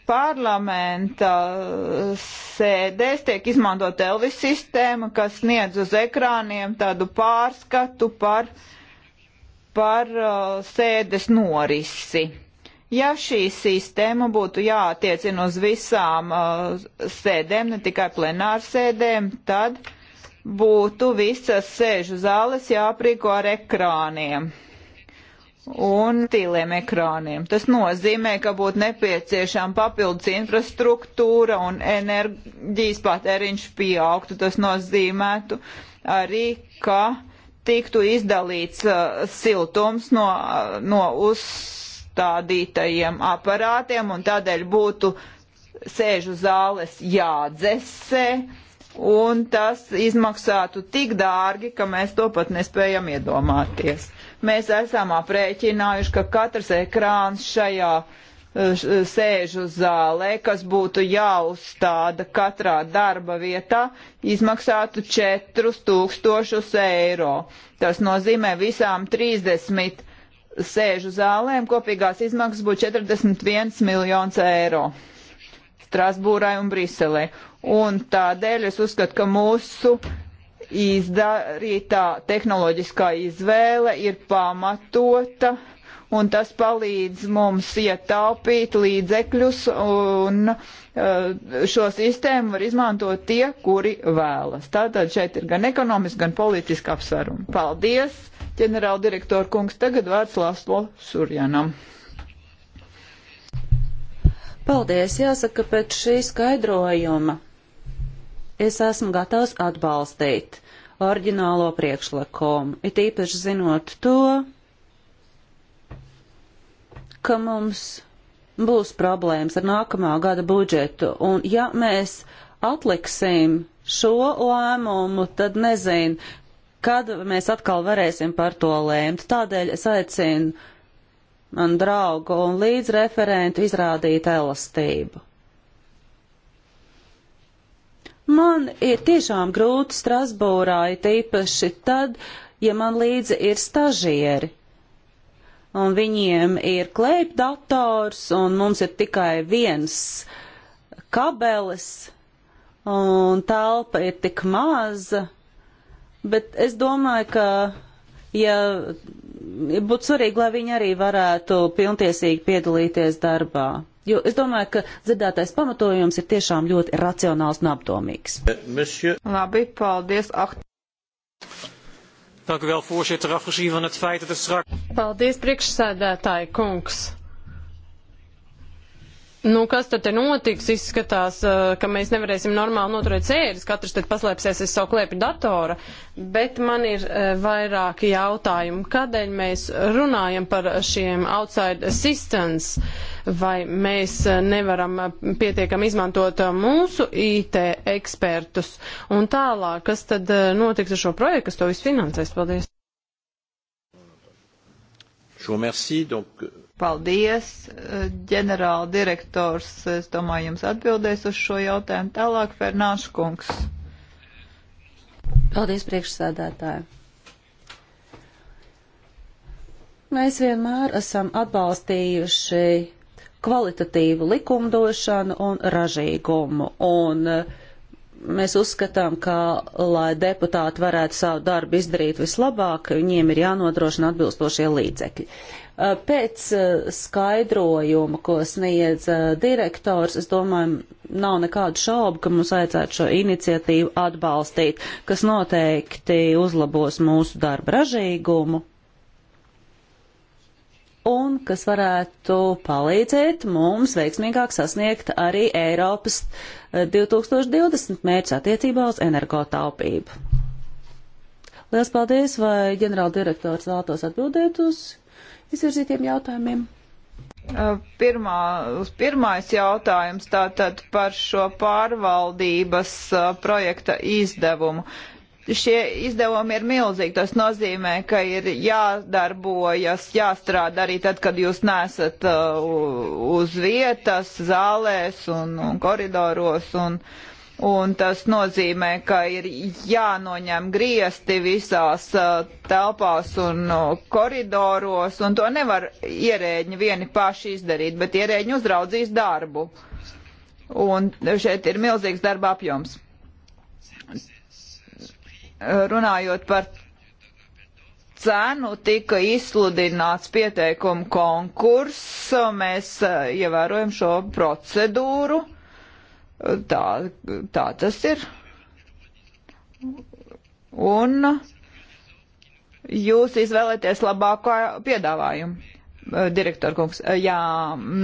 Parlamenta uh, sēdēs tiek izmantot Elvis sistēma, kas sniedz uz ekrāniem tādu pārskatu par, par sēdes norisi Ja šī sistēma būtu jātiecina uz visām uh, sēdēm, ne tikai plenārsēdēm, tad būtu visas sēžu zāles jāprīko ar ekrāniem un tīliem ekrāniem. Tas nozīmē, ka būtu nepieciešama papildus infrastruktūra un enerģijas patēriņš pieaugtu. Tas nozīmētu arī, ka tiktu izdalīts uh, siltums no, uh, no uz uzstādītajiem aparātiem, un tādēļ būtu sēžu zāles jādzesē, un tas izmaksātu tik dārgi, ka mēs to pat nespējam iedomāties. Mēs esam aprēķinājuši, ka katrs ekrāns šajā eh, sēžu zālē, kas būtu jāuzstāda katrā darba vietā, izmaksātu 4000 eiro. Tas nozīmē visām 30 sēžu zālēm kopīgās izmaksas būtu 41 miljons eiro Strasbūrai un Briselē. Un tādēļ es uzskatu, ka mūsu izdarītā tehnoloģiskā izvēle ir pamatota un tas palīdz mums ietaupīt līdzekļus un eh, šo sistēmu var izmantot tie, kuri vēlas. Tātad šeit ir gan ekonomiski, gan politiski apsvarumi. Paldies! ģenerāla direktora kungs. Tagad vārds Lāslo Surjanam. Paldies, jāsaka, pēc šī skaidrojuma es esmu gatavs atbalstīt oriģinālo priekšlikumu, it īpaši zinot to, ka mums būs problēmas ar nākamā gada budžetu, un ja mēs atliksim šo lēmumu, tad nezinu, kad mēs atkal varēsim par to lēmt. Tādēļ es aicinu man draugu un līdzreferentu izrādīt elastību. Man ir tiešām grūti Strasbūrā, it īpaši tad, ja man līdzi ir stažieri. Un viņiem ir klēpdators, un mums ir tikai viens kabelis, un telpa ir tik maza bet es domāju, ka ja, ja būtu svarīgi, lai viņi arī varētu pilntiesīgi piedalīties darbā. Jo es domāju, ka dzirdētais pamatojums ir tiešām ļoti racionāls un apdomīgs. Monsieur. Labi, paldies. Ah. Dank u wel, voorzitter. Afgezien van het feit dat het straks. Paldies, priekšsēdētāji kungs. Nu, kas tad te notiks? Izskatās, eh, ka mēs nevarēsim normāli noturēt sēdes, katrs tad paslēpsies aiz savu klēpju datora, bet man ir eh, vairāki jautājumi. Kādēļ mēs runājam par šiem outside assistance? Vai mēs eh, nevaram pietiekam izmantot mūsu IT ekspertus? Un tālāk, kas tad notiks ar šo projektu, kas to visu finansēs? Paldies! Šo merci, donc... Euh, Paldies, eh, ģenerāla direktors. Es domāju, jums atbildēs uz šo jautājumu. Tālāk Fernāšu kungs. Paldies, priekšsēdētāji. Mēs vienmēr esam atbalstījuši kvalitatīvu likumdošanu un ražīgumu. Un eh, mēs uzskatām, ka, lai deputāti varētu savu darbu izdarīt vislabāk, viņiem ir jānodrošina atbilstošie līdzekļi. Eh, pēc eh, skaidrojuma, ko sniedz eh, direktors, es domāju, nav nekādu šaubu, ka mums vajadzētu šo iniciatīvu atbalstīt, kas noteikti uzlabos mūsu darba ražīgumu un kas varētu palīdzēt mums veiksmīgāk sasniegt arī Eiropas 2020 mērķi attiecībā uz energotaupību. Lielas paldies, vai ģenerāldirektors vēlētos atbildēt uz izvirzītiem jautājumiem? Uh, pirmā, pirmais jautājums tātad par šo pārvaldības uh, projekta izdevumu. Šie izdevumi ir milzīgi. Tas nozīmē, ka ir jādarbojas, jāstrādā arī tad, kad jūs nesat uh, uz vietas, zālēs un, un koridoros. Un, uh, Un tas nozīmē, ka ir jānoņem griesti visās uh, telpās un uh, koridoros, un to nevar ierēģi vieni paši izdarīt, bet ierēģi uzraudzīs darbu. Un šeit ir milzīgs darba apjoms. Runājot par cenu tika izsludināts pieteikumu konkurss. Mēs uh, ievērojam šo procedūru. Tā, tā tas ir. Un jūs izvēlēties labāko piedāvājumu. Eh, direktor kungs, eh, jā,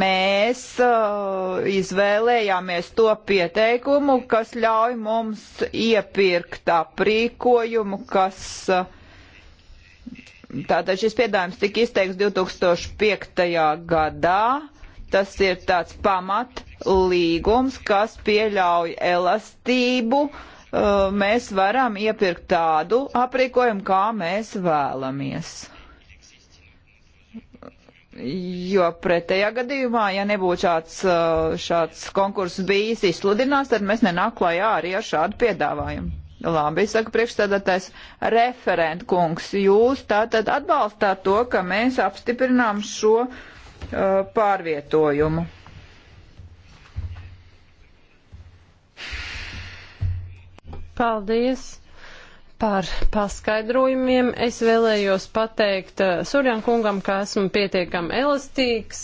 mēs eh, izvēlējāmies to pieteikumu, kas ļauj mums iepirkt aprīkojumu, kas tātad šis piedāvājums tika izteikts 2005. gadā Tas ir tāds pamat līgums, kas pieļauj elastību. Uh, mēs varam iepirkt tādu aprīkojumu, kā mēs vēlamies. Jo pretējā gadījumā, ja nebūtu šāds, uh, šāds konkurss bijis izsludināts, tad mēs nenāk klajā arī ar šādu piedāvājumu. Labi, saka priekšstādātais referentkungs, jūs tātad atbalstāt to, ka mēs apstiprinām šo uh, Uh, pārvietojumu. Paldies! par paskaidrojumiem. Es vēlējos pateikt uh, Surjan kungam, ka esmu pietiekami elastīgs.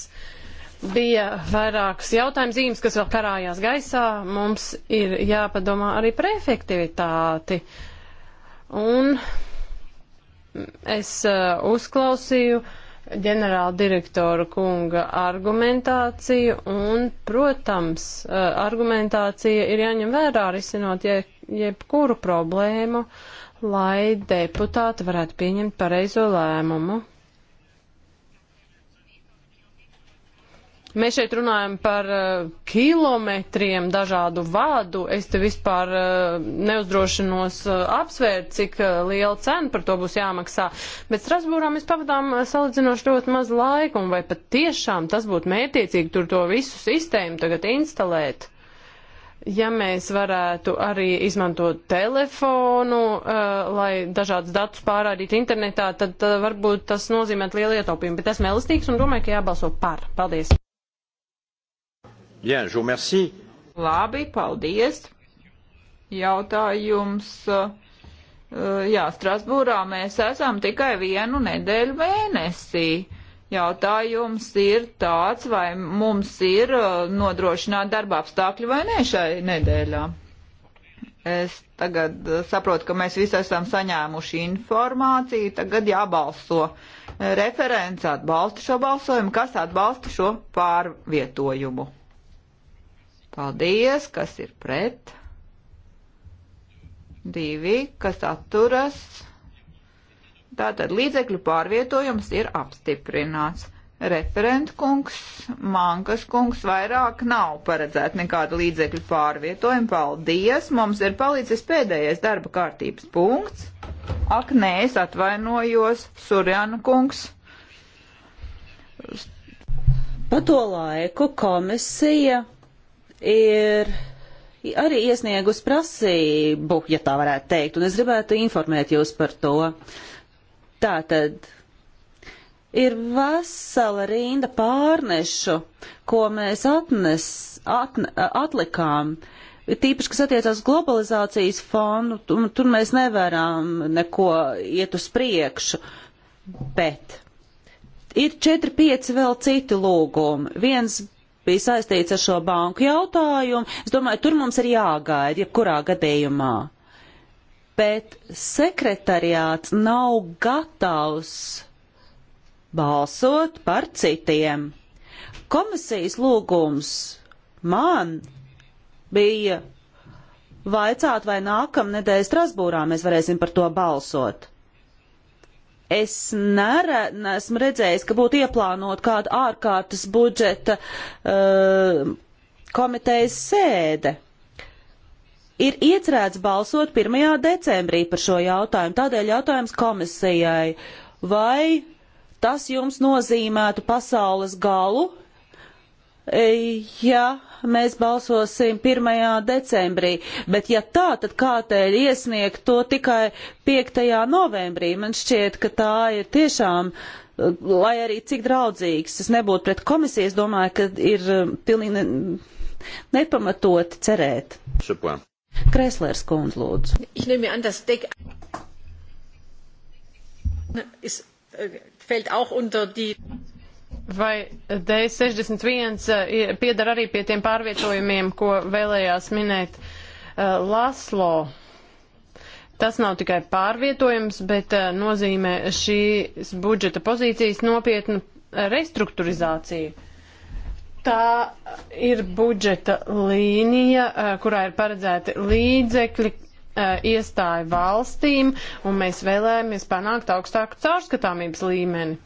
Bija vairākas jautājuma zīmes, kas vēl karājās gaisā. Mums ir jāpadomā arī par efektivitāti. Un es uh, uzklausīju uh, ģenerāla direktora kunga argumentāciju un, protams, eh, argumentācija ir jāņem vērā risinot je, jebkuru problēmu, lai deputāti varētu pieņemt pareizo lēmumu. Mēs šeit runājam par uh, kilometriem dažādu vādu. Es te vispār uh, neuzdrošinos uh, apsvērt, cik uh, liela cena par to būs jāmaksā. Bet Strasbūrā mēs pavadām uh, salīdzinoši ļoti maz laika, un vai pat tiešām tas būtu mērtiecīgi tur to visu sistēmu tagad instalēt? Ja mēs varētu arī izmantot telefonu, uh, lai dažādas datus pārādītu internetā, tad uh, varbūt tas nozīmē lielu ietaupījumu, bet esmu elastīgs un domāju, ka jābalso par. Paldies! Bien, je vous remercie. Labi, paldies. Jautājums. Eh, jā, Strasbūrā mēs esam tikai vienu nedēļu mēnesī. Jautājums ir tāds, vai mums ir eh, nodrošināt darba apstākļi vai nē šai nedēļā. Es tagad eh, saprotu, ka mēs visi esam saņēmuši informāciju, tagad jābalso. Referents atbalsta šo balsojumu, kas atbalsta šo pārvietojumu. Paldies, kas ir pret. Divi, kas atturas. Tātad līdzekļu pārvietojums ir apstiprināts. Referent kungs, mankas kungs vairāk nav paredzēta nekāda līdzekļu pārvietojuma. Paldies, mums ir palicis pēdējais darba kārtības punkts. Ak, nē, es atvainojos, Surjana kungs. Pa to laiku komisija ir arī iesniegus prasību, ja tā varētu teikt, un es gribētu informēt jūs par to. Tātad ir vesela rinda pārnešu, ko mēs atnes, atne, atlikām. Tīpaši, kas attiecās globalizācijas fondu, tur mēs nevaram neko iet uz priekšu, bet ir 4-5 vēl citi lūgumi. Viens bija saistīts ar šo banku jautājumu. Es domāju, tur mums ir jāgaida, jebkurā gadījumā. Bet sekretariāts nav gatavs balsot par citiem. Komisijas lūgums man bija vaicāt, vai nākamnedēļ Strasbūrā mēs varēsim par to balsot. Es nere, neesmu redzējis, ka būtu ieplānot kādu ārkārtas budžeta uh, komitejas sēde. Ir iecerēts balsot 1. decembrī par šo jautājumu, tādēļ jautājums komisijai, vai tas jums nozīmētu pasaules galu, e, ja mēs balsosim 1. decembrī, bet ja tā, tad kādēļ iesniegt to tikai 5. novembrī? Man šķiet, ka tā ir tiešām, lai arī cik draudzīgs es nebūtu pret komisiju, es domāju, ka ir um, pilnīgi nepamatoti cerēt. Šupā. Kreslers kundz lūdzu. Äh, fällt auch unter die Vai D61 eh, piedara arī pie tiem pārvietojumiem, ko vēlējās minēt eh, Laslo? Tas nav tikai pārvietojums, bet eh, nozīmē šīs budžeta pozīcijas nopietnu restruktūrizāciju. Tā ir budžeta līnija, kurā ir paredzēti līdzekļi, iestāju valstīm, un mēs vēlējāmies panākt augstāku caurskatāmības līmeni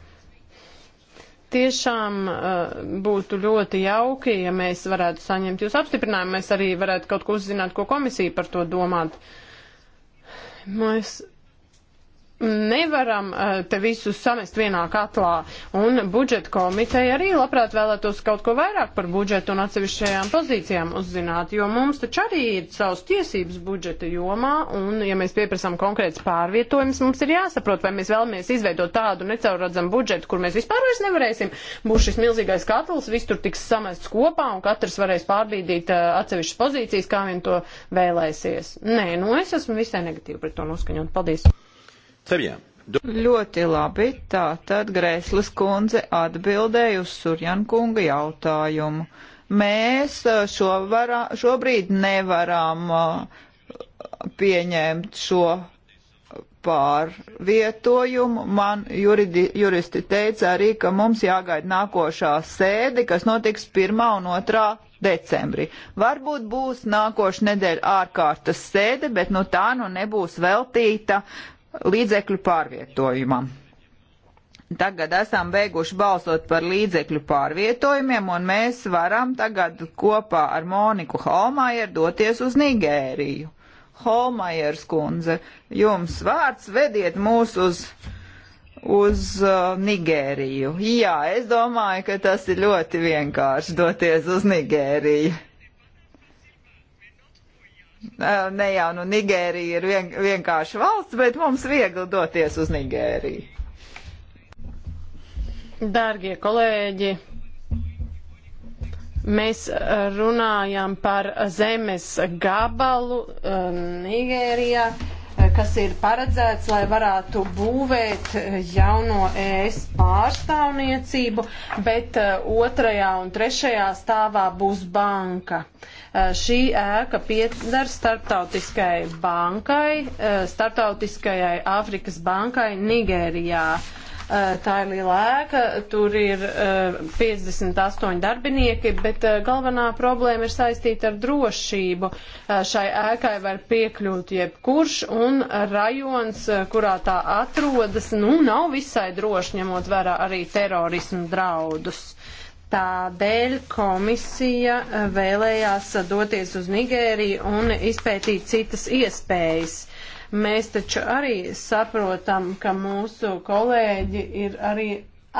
tiešām uh, būtu ļoti jauki, ja mēs varētu saņemt jūs apstiprinājumu. Mēs arī varētu kaut ko uzzināt, ko komisija par to domāt. Mēs nevaram eh, te visus samest vienā katlā. Un budžeta komiteja arī labprāt vēlētos kaut ko vairāk par budžetu un atsevišķajām pozīcijām uzzināt, jo mums taču arī ir savas tiesības budžeta jomā, un ja mēs pieprasām konkrēts pārvietojums, mums ir jāsaprot, vai mēs vēlamies izveidot tādu necauradzamu budžetu, kur mēs vispār vairs nevarēsim. Būs šis milzīgais katls, viss tur tiks samests kopā, un katrs varēs pārbīdīt eh, atsevišķas pozīcijas, kā vien to vēlēsies. Nē, nu es esmu visai negatīvi pret to noskaņot. Paldies! Très bien. Do... Ļoti labi. Tā tad Grēslis kundze atbildēja uz Surjankunga jautājumu. Mēs uh, šo varā, šobrīd nevaram uh, pieņemt šo pārvietojumu. Man juridi, juristi teica arī, ka mums jāgaida nākošā sēde, kas notiks 1. un 2. decembrī. Varbūt būs nākoša nedēļa ārkārtas sēde, bet nu tā nu nebūs veltīta uh, līdzekļu pārvietojumam. Tagad esam beiguši balsot par līdzekļu pārvietojumiem, un mēs varam tagad kopā ar Moniku Holmajer doties uz Nigēriju. Holmajers kundze, jums vārds vediet mūs uz, uz uh, Nigēriju. Jā, es domāju, ka tas ir ļoti vienkārši doties uz Nigēriju ne jau nu Nigērija ir vien, vienkārši valsts, bet mums viegli doties uz Nigēriju. Dārgie kolēģi, mēs runājam par zemes gabalu Nigērijā, kas ir paredzēts, lai varētu būvēt jauno ES pārstāvniecību, bet otrajā un trešajā stāvā būs banka. Uh, Šī ēka piedar starptautiskai bankai, starptautiskajai Āfrikas bankai Nigērijā. Tā ir liela ēka, tur ir 58 darbinieki, bet galvenā problēma ir saistīta ar drošību. Šai ēkai var piekļūt jebkurš, un rajons, kurā tā atrodas, nu, nav visai droši, ņemot vērā arī terorismu draudus. Tādēļ komisija eh, vēlējās doties uz Nigēriju un izpētīt citas iespējas. Mēs taču arī saprotam, ka mūsu kolēģi ir arī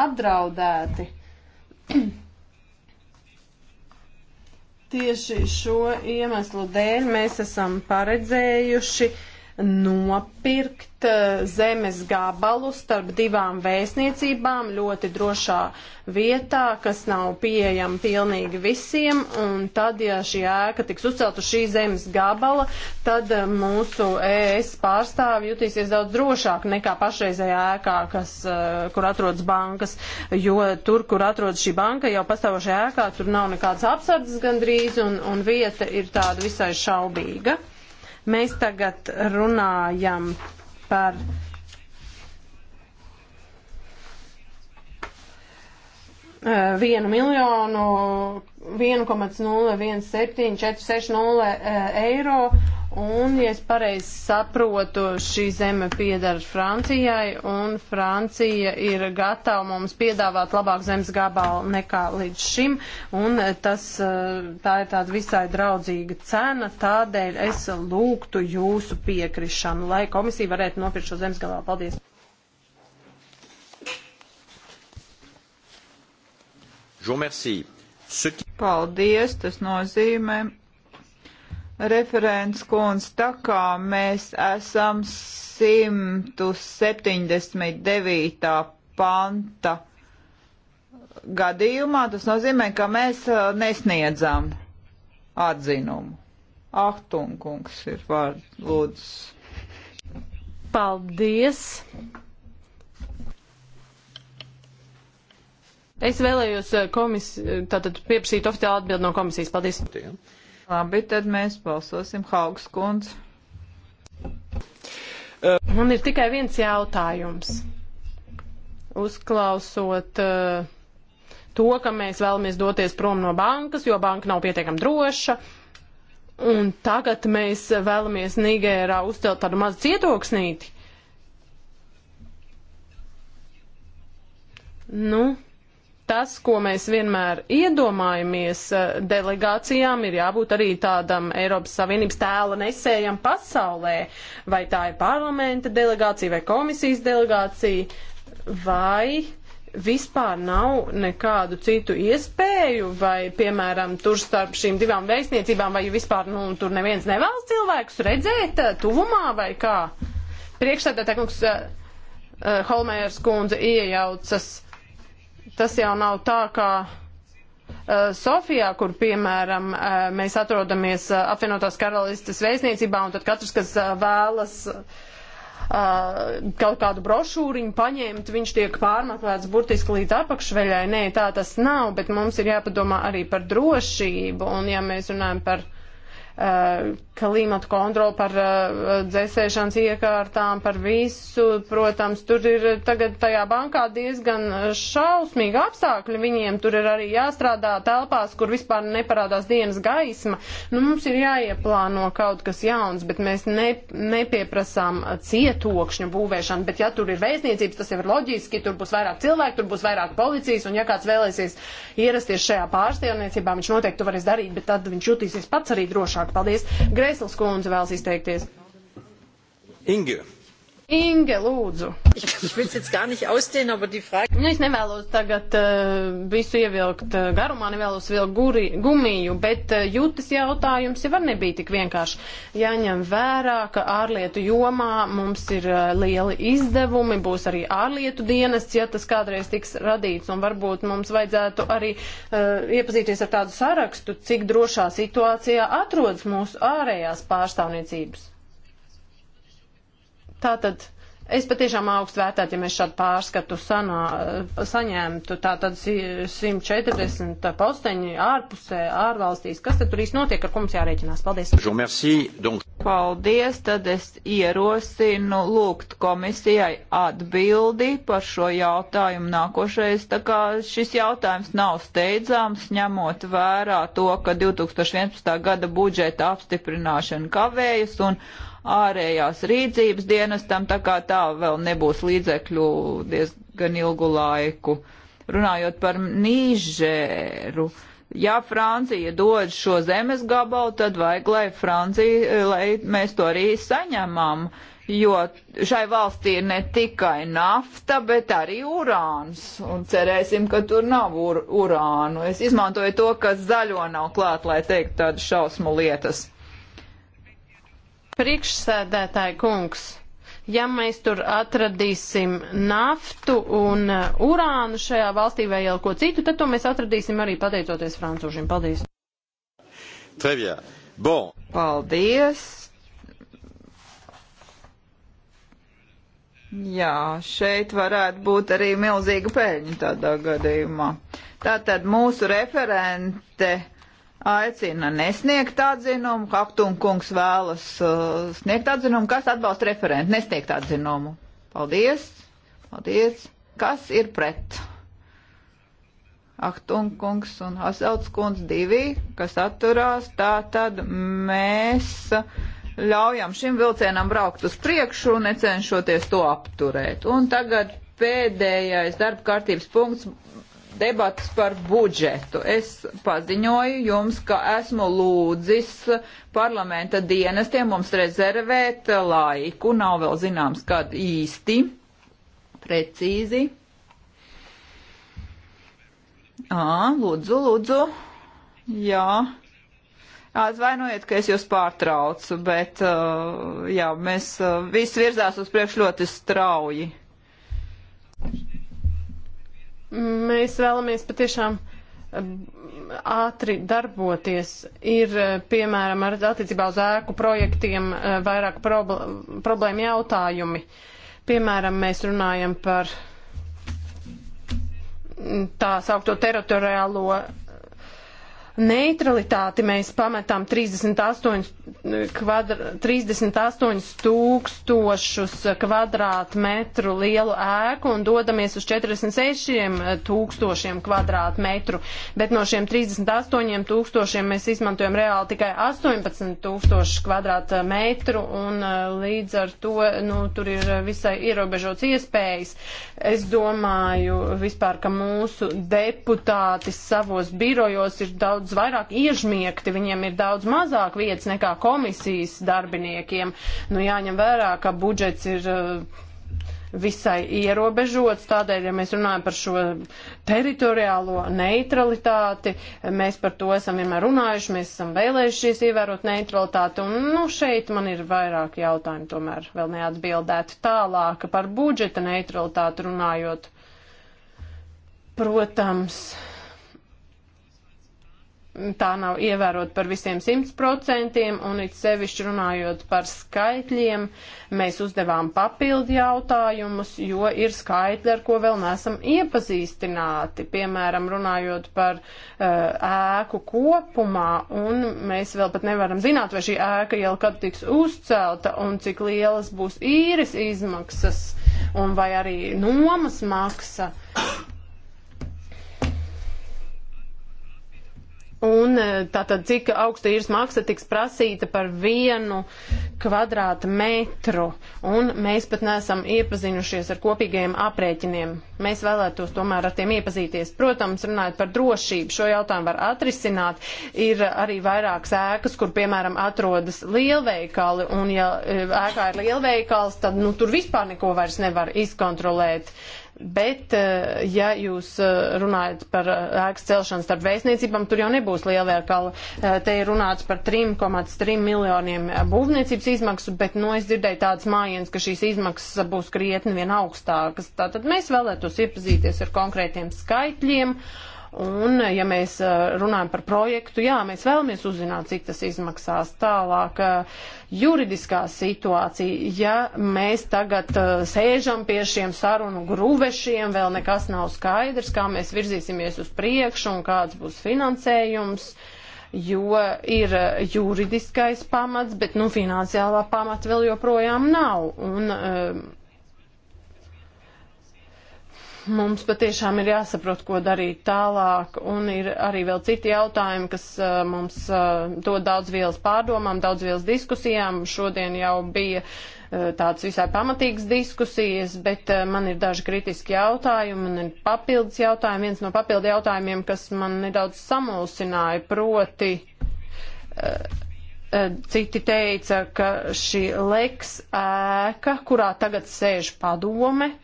apdraudēti. Tieši šo iemeslu dēļ mēs esam paredzējuši uh, nopirkt eh, zemes gabalu starp divām vēstniecībām ļoti drošā vietā, kas nav pieejama pilnīgi visiem, un tad, ja šī ēka tiks uzcelt uz šī zemes gabala, tad eh, mūsu ES pārstāvi jutīsies daudz drošāk nekā pašreizējā ēkā, kas, eh, kur atrodas bankas, jo tur, kur atrodas šī banka, jau pastāvošajā ēkā, tur nav nekādas apsardzes gandrīz, un, un vieta ir tāda visai šaubīga. Mēs tagad runājam par Eh, vienu miljonu 1,01740 eh, eiro. Un, ja es pareizi saprotu, šī zeme piedara Francijai, un Francija ir gatava mums piedāvāt labāk zemes gabalu nekā līdz šim, un eh, tas, tā ir tāda visai draudzīga cena, tādēļ es lūgtu jūsu piekrišanu, lai komisija varētu nopirkt šo zemes gabalu. Paldies! Paldies, tas nozīmē. Referents kundz, tā kā mēs esam 179. panta gadījumā, tas nozīmē, ka mēs uh, nesniedzam atzinumu. Ahtunkungs ir vārds lūdzu. Paldies! Es vēlējos eh, komis, eh, tātad pieprasīt oficiālu atbildi no komisijas. Paldies. Labi, tad mēs balsosim. Haugs kundz. Eh. Man ir tikai viens jautājums. Uzklausot uh, to, ka mēs vēlamies doties prom no bankas, jo banka nav pietiekami droša, un tagad mēs vēlamies Nigērā uzcelt tādu mazu cietoksnīti. Nu, tas, ko mēs vienmēr iedomājamies, eh, delegācijām ir jābūt arī tādam Eiropas Savienības tēla nesējam pasaulē, vai tā ir parlamenta delegācija vai komisijas delegācija, vai vispār nav nekādu citu iespēju, vai, piemēram, tur starp šīm divām vēstniecībām, vai vispār, nu, tur neviens nevēlas cilvēkus redzēt eh, tuvumā, vai kā? Priekšsēdētājs uh, eh, Holmējers kundze iejaucas tas jau nav tā, kā eh, Sofijā, kur, piemēram, eh, mēs atrodamies eh, apvienotās karalistes vēstniecībā, un tad katrs, kas vēlas kaut kādu brošūriņu paņemt, viņš tiek pārmeklēts burtiski līdz apakšveļai. Nē, tā tas nav, bet mums ir jāpadomā arī par drošību, un ja mēs runājam par Uh, klimatu kontroli, par uh, dzēsēšanas iekārtām, par visu. Protams, tur ir tagad tajā bankā diezgan šausmīgi apstākļi. Viņiem tur ir arī jāstrādā telpās, kur vispār neparādās dienas gaisma. Nu, mums ir jāieplāno kaut kas jauns, bet mēs ne, nepieprasām cietokšņu būvēšanu. Bet ja tur ir vēstniecības, tas jau ir loģiski, tur būs vairāk cilvēku, tur būs vairāk policijas, un ja kāds vēlēsies ierasties šajā pārstāvniecībā, viņš noteikti to varēs darīt, bet tad viņš jutīsies pats arī drošāk labāk. Paldies. Grēsls kundze vēlas izteikties. Inga. Inge, lūdzu. Nu, es nevēlos tagad uh, visu ievilkt uh, garumā, nevēlos vilkt guri, gumiju, bet uh, jūtas jautājums jau var nebija tik vienkārši. Jāņem vērā, ka ārlietu jomā mums ir uh, lieli izdevumi, būs arī ārlietu dienests, ja tas kādreiz tiks radīts, un varbūt mums vajadzētu arī uh, iepazīties ar tādu sarakstu, cik drošā situācijā atrodas mūsu ārējās pārstāvniecības. Tātad es patiešām augstu vērtētu, ja mēs šādu pārskatu sanā, saņemtu. Tātad 140 posteņi ārpusē, ārvalstīs. Kas tad tur īsti notiek, ar ko mums jārēķinās? Paldies. Paldies, tad es ierosinu lūgt komisijai atbildi par šo jautājumu nākošais. Tā kā šis jautājums nav steidzams, ņemot vērā to, ka 2011. gada budžeta apstiprināšana kavējas un ārējās rīcības dienestam, tā kā tā vēl nebūs līdzekļu diezgan ilgu laiku. Runājot par Nīžēru, ja Francija dod šo zemes gabalu, tad vajag, lai Francija, lai mēs to arī saņemam, jo šai valstī ir ne tikai nafta, bet arī urāns, un cerēsim, ka tur nav ur urānu. Es izmantoju to, kas zaļo nav klāt, lai teikt tādas šausmu lietas. Priekšsēdētāji kungs, ja mēs tur atradīsim naftu un uh, urānu šajā valstī vai jau ko citu, tad to mēs atradīsim arī pateicoties francūžiem. Paldies! Très bien. Bon. Paldies! Jā, šeit varētu būt arī milzīga peļņa tādā gadījumā. Tātad mūsu referente aicina nesniegt atzinumu, Haftunkungs vēlas uh, sniegt atzinumu, kas atbalsta referentu, nesniegt atzinumu. Paldies, paldies. Kas ir pret? Ahtunkungs un Haseltskunds divi, kas atturās, tā tad mēs ļaujam šim vilcienam braukt uz priekšu, necenšoties to apturēt. Un tagad pēdējais darba kārtības punkts debats par budžetu. Es paziņoju jums, ka esmu lūdzis parlamenta dienestiem mums rezervēt laiku, nav vēl zināms, kad īsti, precīzi. Ā, lūdzu, lūdzu. Jā. Atvainojiet, ka es jūs pārtraucu, bet uh, jā, mēs uh, viss virzās uz priekšu ļoti strauji. Mēs vēlamies patiešām um, ātri darboties. Ir, uh, piemēram, ar attiecībā uz ēku projektiem uh, vairāk problēma jautājumi. Piemēram, mēs runājam par mm, tā saukto teritoriālo neutralitāti mēs pametam 38, eh, kvadra, 38 tūkstošus kvadrātmetru lielu ēku un dodamies uz 46 eh, tūkstošiem kvadrātmetru, bet no šiem 38 tūkstošiem mēs izmantojam reāli tikai 18 tūkstošu kvadrātmetru un eh, līdz ar to, nu, tur ir visai ierobežots iespējas. Es domāju vispār, ka mūsu deputāti savos birojos ir daudz daudz vairāk iežmiegti, viņiem ir daudz mazāk vietas nekā komisijas darbiniekiem. Nu, jāņem vērā, ka budžets ir eh, visai ierobežots. Tādēļ, ja mēs runājam par šo teritoriālo neutralitāti, mēs par to esam vienmēr runājuši, mēs esam vēlējušies ievērot neutralitāti. Un nu, šeit man ir vairāk jautājumu, tomēr vēl neatbildēt tālāk par budžeta neutralitāti runājot. Protams tā nav ievērot par visiem 100%, un it sevišķi runājot par skaitļiem, mēs uzdevām papildu jautājumus, jo ir skaitļi, ar ko vēl neesam iepazīstināti, piemēram, runājot par uh, ēku kopumā, un mēs vēl pat nevaram zināt, vai šī ēka jau kad tiks uzcelta, un cik lielas būs īres izmaksas, un vai arī nomas maksa. Un e, tātad, cik augsta īres maksa tiks prasīta par vienu kvadrātu metru, un mēs pat neesam iepazinušies ar kopīgajiem aprēķiniem. Mēs vēlētos tomēr ar tiem iepazīties. Protams, runājot par drošību, šo jautājumu var atrisināt. Ir arī vairākas ēkas, kur, piemēram, atrodas lielveikali, un ja e, ēkā ir lielveikals, tad, nu, tur vispār neko vairs nevar izkontrolēt. Uh, bet eh, ja jūs eh, runājat par eh, ēkas celšanu starp vēstniecībām, tur jau nebūs lielveikala. Te ir runāts par 3,3 miljoniem būvniecības izmaksu, bet nu es dzirdēju tādas mājienas, ka šīs izmaksas būs krietni vien augstākas. Tātad mēs vēlētos iepazīties ar konkrētiem skaitļiem. Uh, Un, ja mēs runājam par projektu, jā, mēs vēlamies uzzināt, cik tas izmaksās tālāk. Juridiskā situācija, ja mēs tagad sēžam pie šiem sarunu gruvešiem, vēl nekas nav skaidrs, kā mēs virzīsimies uz priekšu un kāds būs finansējums jo ir juridiskais pamats, bet nu, finansiālā pamata vēl joprojām nav. Un, um, Mums patiešām ir jāsaprot, ko darīt tālāk, un ir arī vēl citi jautājumi, kas uh, mums uh, dod daudz vielas pārdomām, daudz vielas diskusijām. Šodien jau bija uh, tāds visai pamatīgs diskusijas, bet uh, man ir daži kritiski jautājumi, man ir papildus jautājumi. Viens no papildu jautājumiem, kas man nedaudz samulsināja, proti. Uh, uh citi teica, ka šī leks ēka, kurā tagad sēž padome,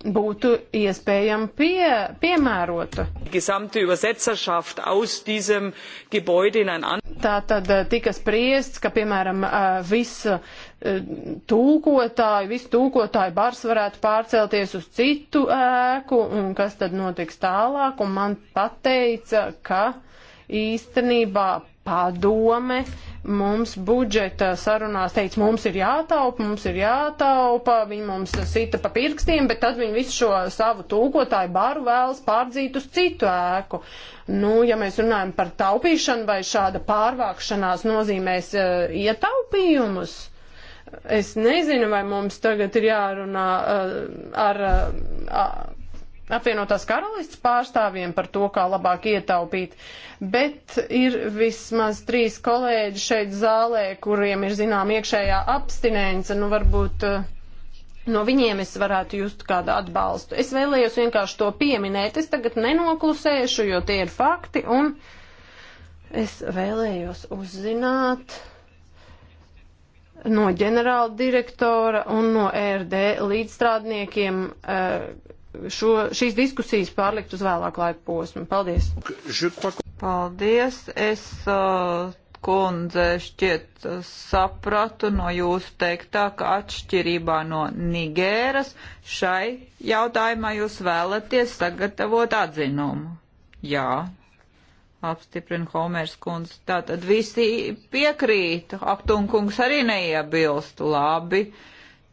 būtu iespējama pie, piemērota. Tā tad eh, tika spriests, ka, piemēram, eh, visa eh, tulkotāju, visu tulkotāju bars varētu pārcelties uz citu ēku, un kas tad notiks tālāk, un man pateica, ka īstenībā padome mums budžeta sarunās teica, mums ir jātaupa, mums ir jātaupa, viņi mums sita pa pirkstiem, bet tad viņi visu šo savu tūkotāju baru vēlas pārdzīt uz citu ēku. Nu, ja mēs runājam par taupīšanu, vai šāda pārvākšanās nozīmēs uh, ietaupījumus? Es nezinu, vai mums tagad ir jārunā uh, ar. Uh, apvienotās karalists pārstāvjiem par to, kā labāk ietaupīt, bet ir vismaz trīs kolēģi šeit zālē, kuriem ir zinām iekšējā abstinence, nu varbūt eh, no viņiem es varētu just kādu atbalstu. Es vēlējos vienkārši to pieminēt, es tagad nenoklusēšu, jo tie ir fakti, un es vēlējos uzzināt no ģenerāla direktora un no ERD līdzstrādniekiem, eh, šo, šīs diskusijas pārlikt uz vēlāku laiku posmu. Paldies! Paldies! Es, uh, kundze, šķiet uh, sapratu no jūsu teiktā, ka atšķirībā no Nigēras šai jautājumā jūs vēlaties sagatavot atzinumu. Jā, apstiprina Homērs kundze. Tātad visi piekrīt, Aktunkungs arī neiebilst. Labi. Uh,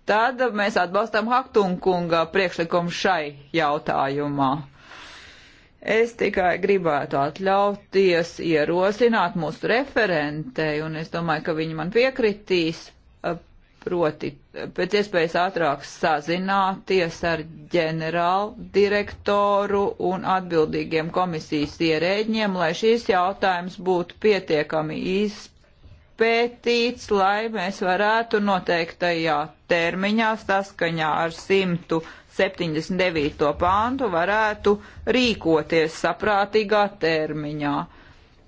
tad mēs atbalstam Haktunkunga priekšlikumu šai jautājumā. Es tikai gribētu atļauties ierosināt mūsu referentei, un es domāju, ka viņi man piekritīs, proti pēc iespējas ātrāk sazināties ar ģenerālu direktoru un atbildīgiem komisijas ierēģiem, lai šīs jautājums būtu pietiekami izpētīts izpētīts, lai mēs varētu noteiktajā termiņā saskaņā ar 179. pāntu varētu rīkoties saprātīgā termiņā.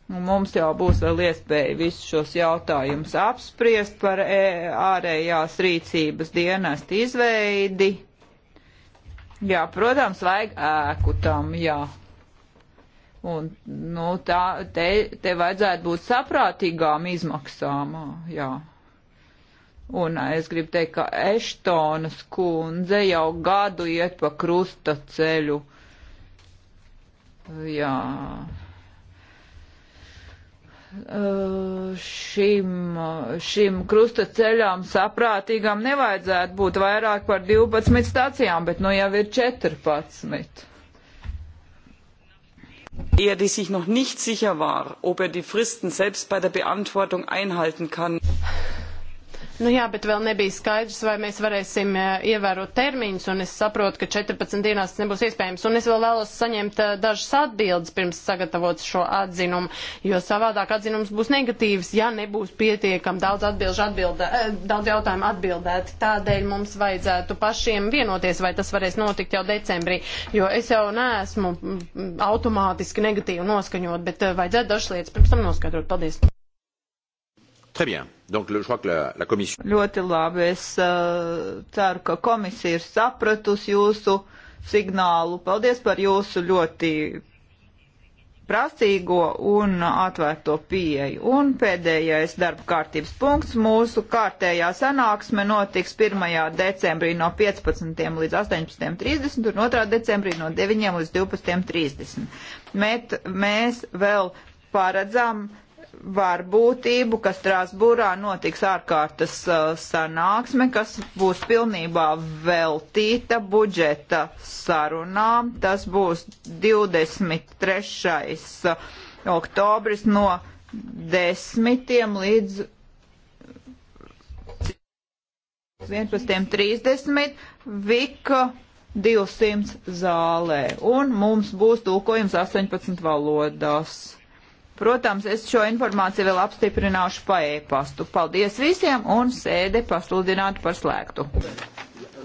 Un mums jau būs vēl iespēja visus šos jautājumus apspriest par e, ārējās rīcības dienestu izveidi. Jā, protams, vajag ēku tam, jā. Un, nu, tā, te, te vajadzētu būt saprātīgām izmaksām, jā. Un es gribu teikt, ka Eštonas kundze jau gadu iet pa krusta ceļu. Jā. Uh, šim, šim krusta ceļām saprātīgām nevajadzētu būt vairāk par 12 stācijām, bet nu jau ir 14. Er, die sich noch nicht sicher war, ob er die Fristen selbst bei der Beantwortung einhalten kann. Nu jā, bet vēl nebija skaidrs, vai mēs varēsim eh, ievērot termiņus, un es saprotu, ka 14 dienās tas nebūs iespējams. Un es vēl vēlos saņemt eh, dažas atbildes pirms sagatavot šo atzinumu, jo savādāk atzinums būs negatīvs, ja nebūs pietiekam daudz, atbilžu atbildē, eh, daudz jautājumu atbildēti. Tādēļ mums vajadzētu pašiem vienoties, vai tas varēs notikt jau decembrī, jo es jau neesmu mm, automātiski negatīvi noskaņot, bet vajadzētu dažas lietas pirms tam noskaidrot. Paldies! Très bien. Donc, le, je crois que la, la commission... Ļoti labi. Es uh, ceru, ka komisija ir sapratusi jūsu signālu. Paldies par jūsu ļoti prasīgo un atvērto pieeju. Un pēdējais darba kārtības punkts mūsu kārtējā sanāksme notiks 1. decembrī no 15. līdz 18.30 un 2. decembrī no 9. līdz 12.30. Mēs vēl paredzam var būtību, ka Strasbūrā notiks ārkārtas sanāksme, kas būs pilnībā veltīta budžeta sarunām. Tas būs 23. oktobris no 10. līdz 11.30 Vika 200 zālē. Un mums būs tulkojums 18 valodās. Protams, es šo informāciju vēl apstiprināšu pa e-pastu. Paldies visiem un sēde pasludinātu par slēgtu.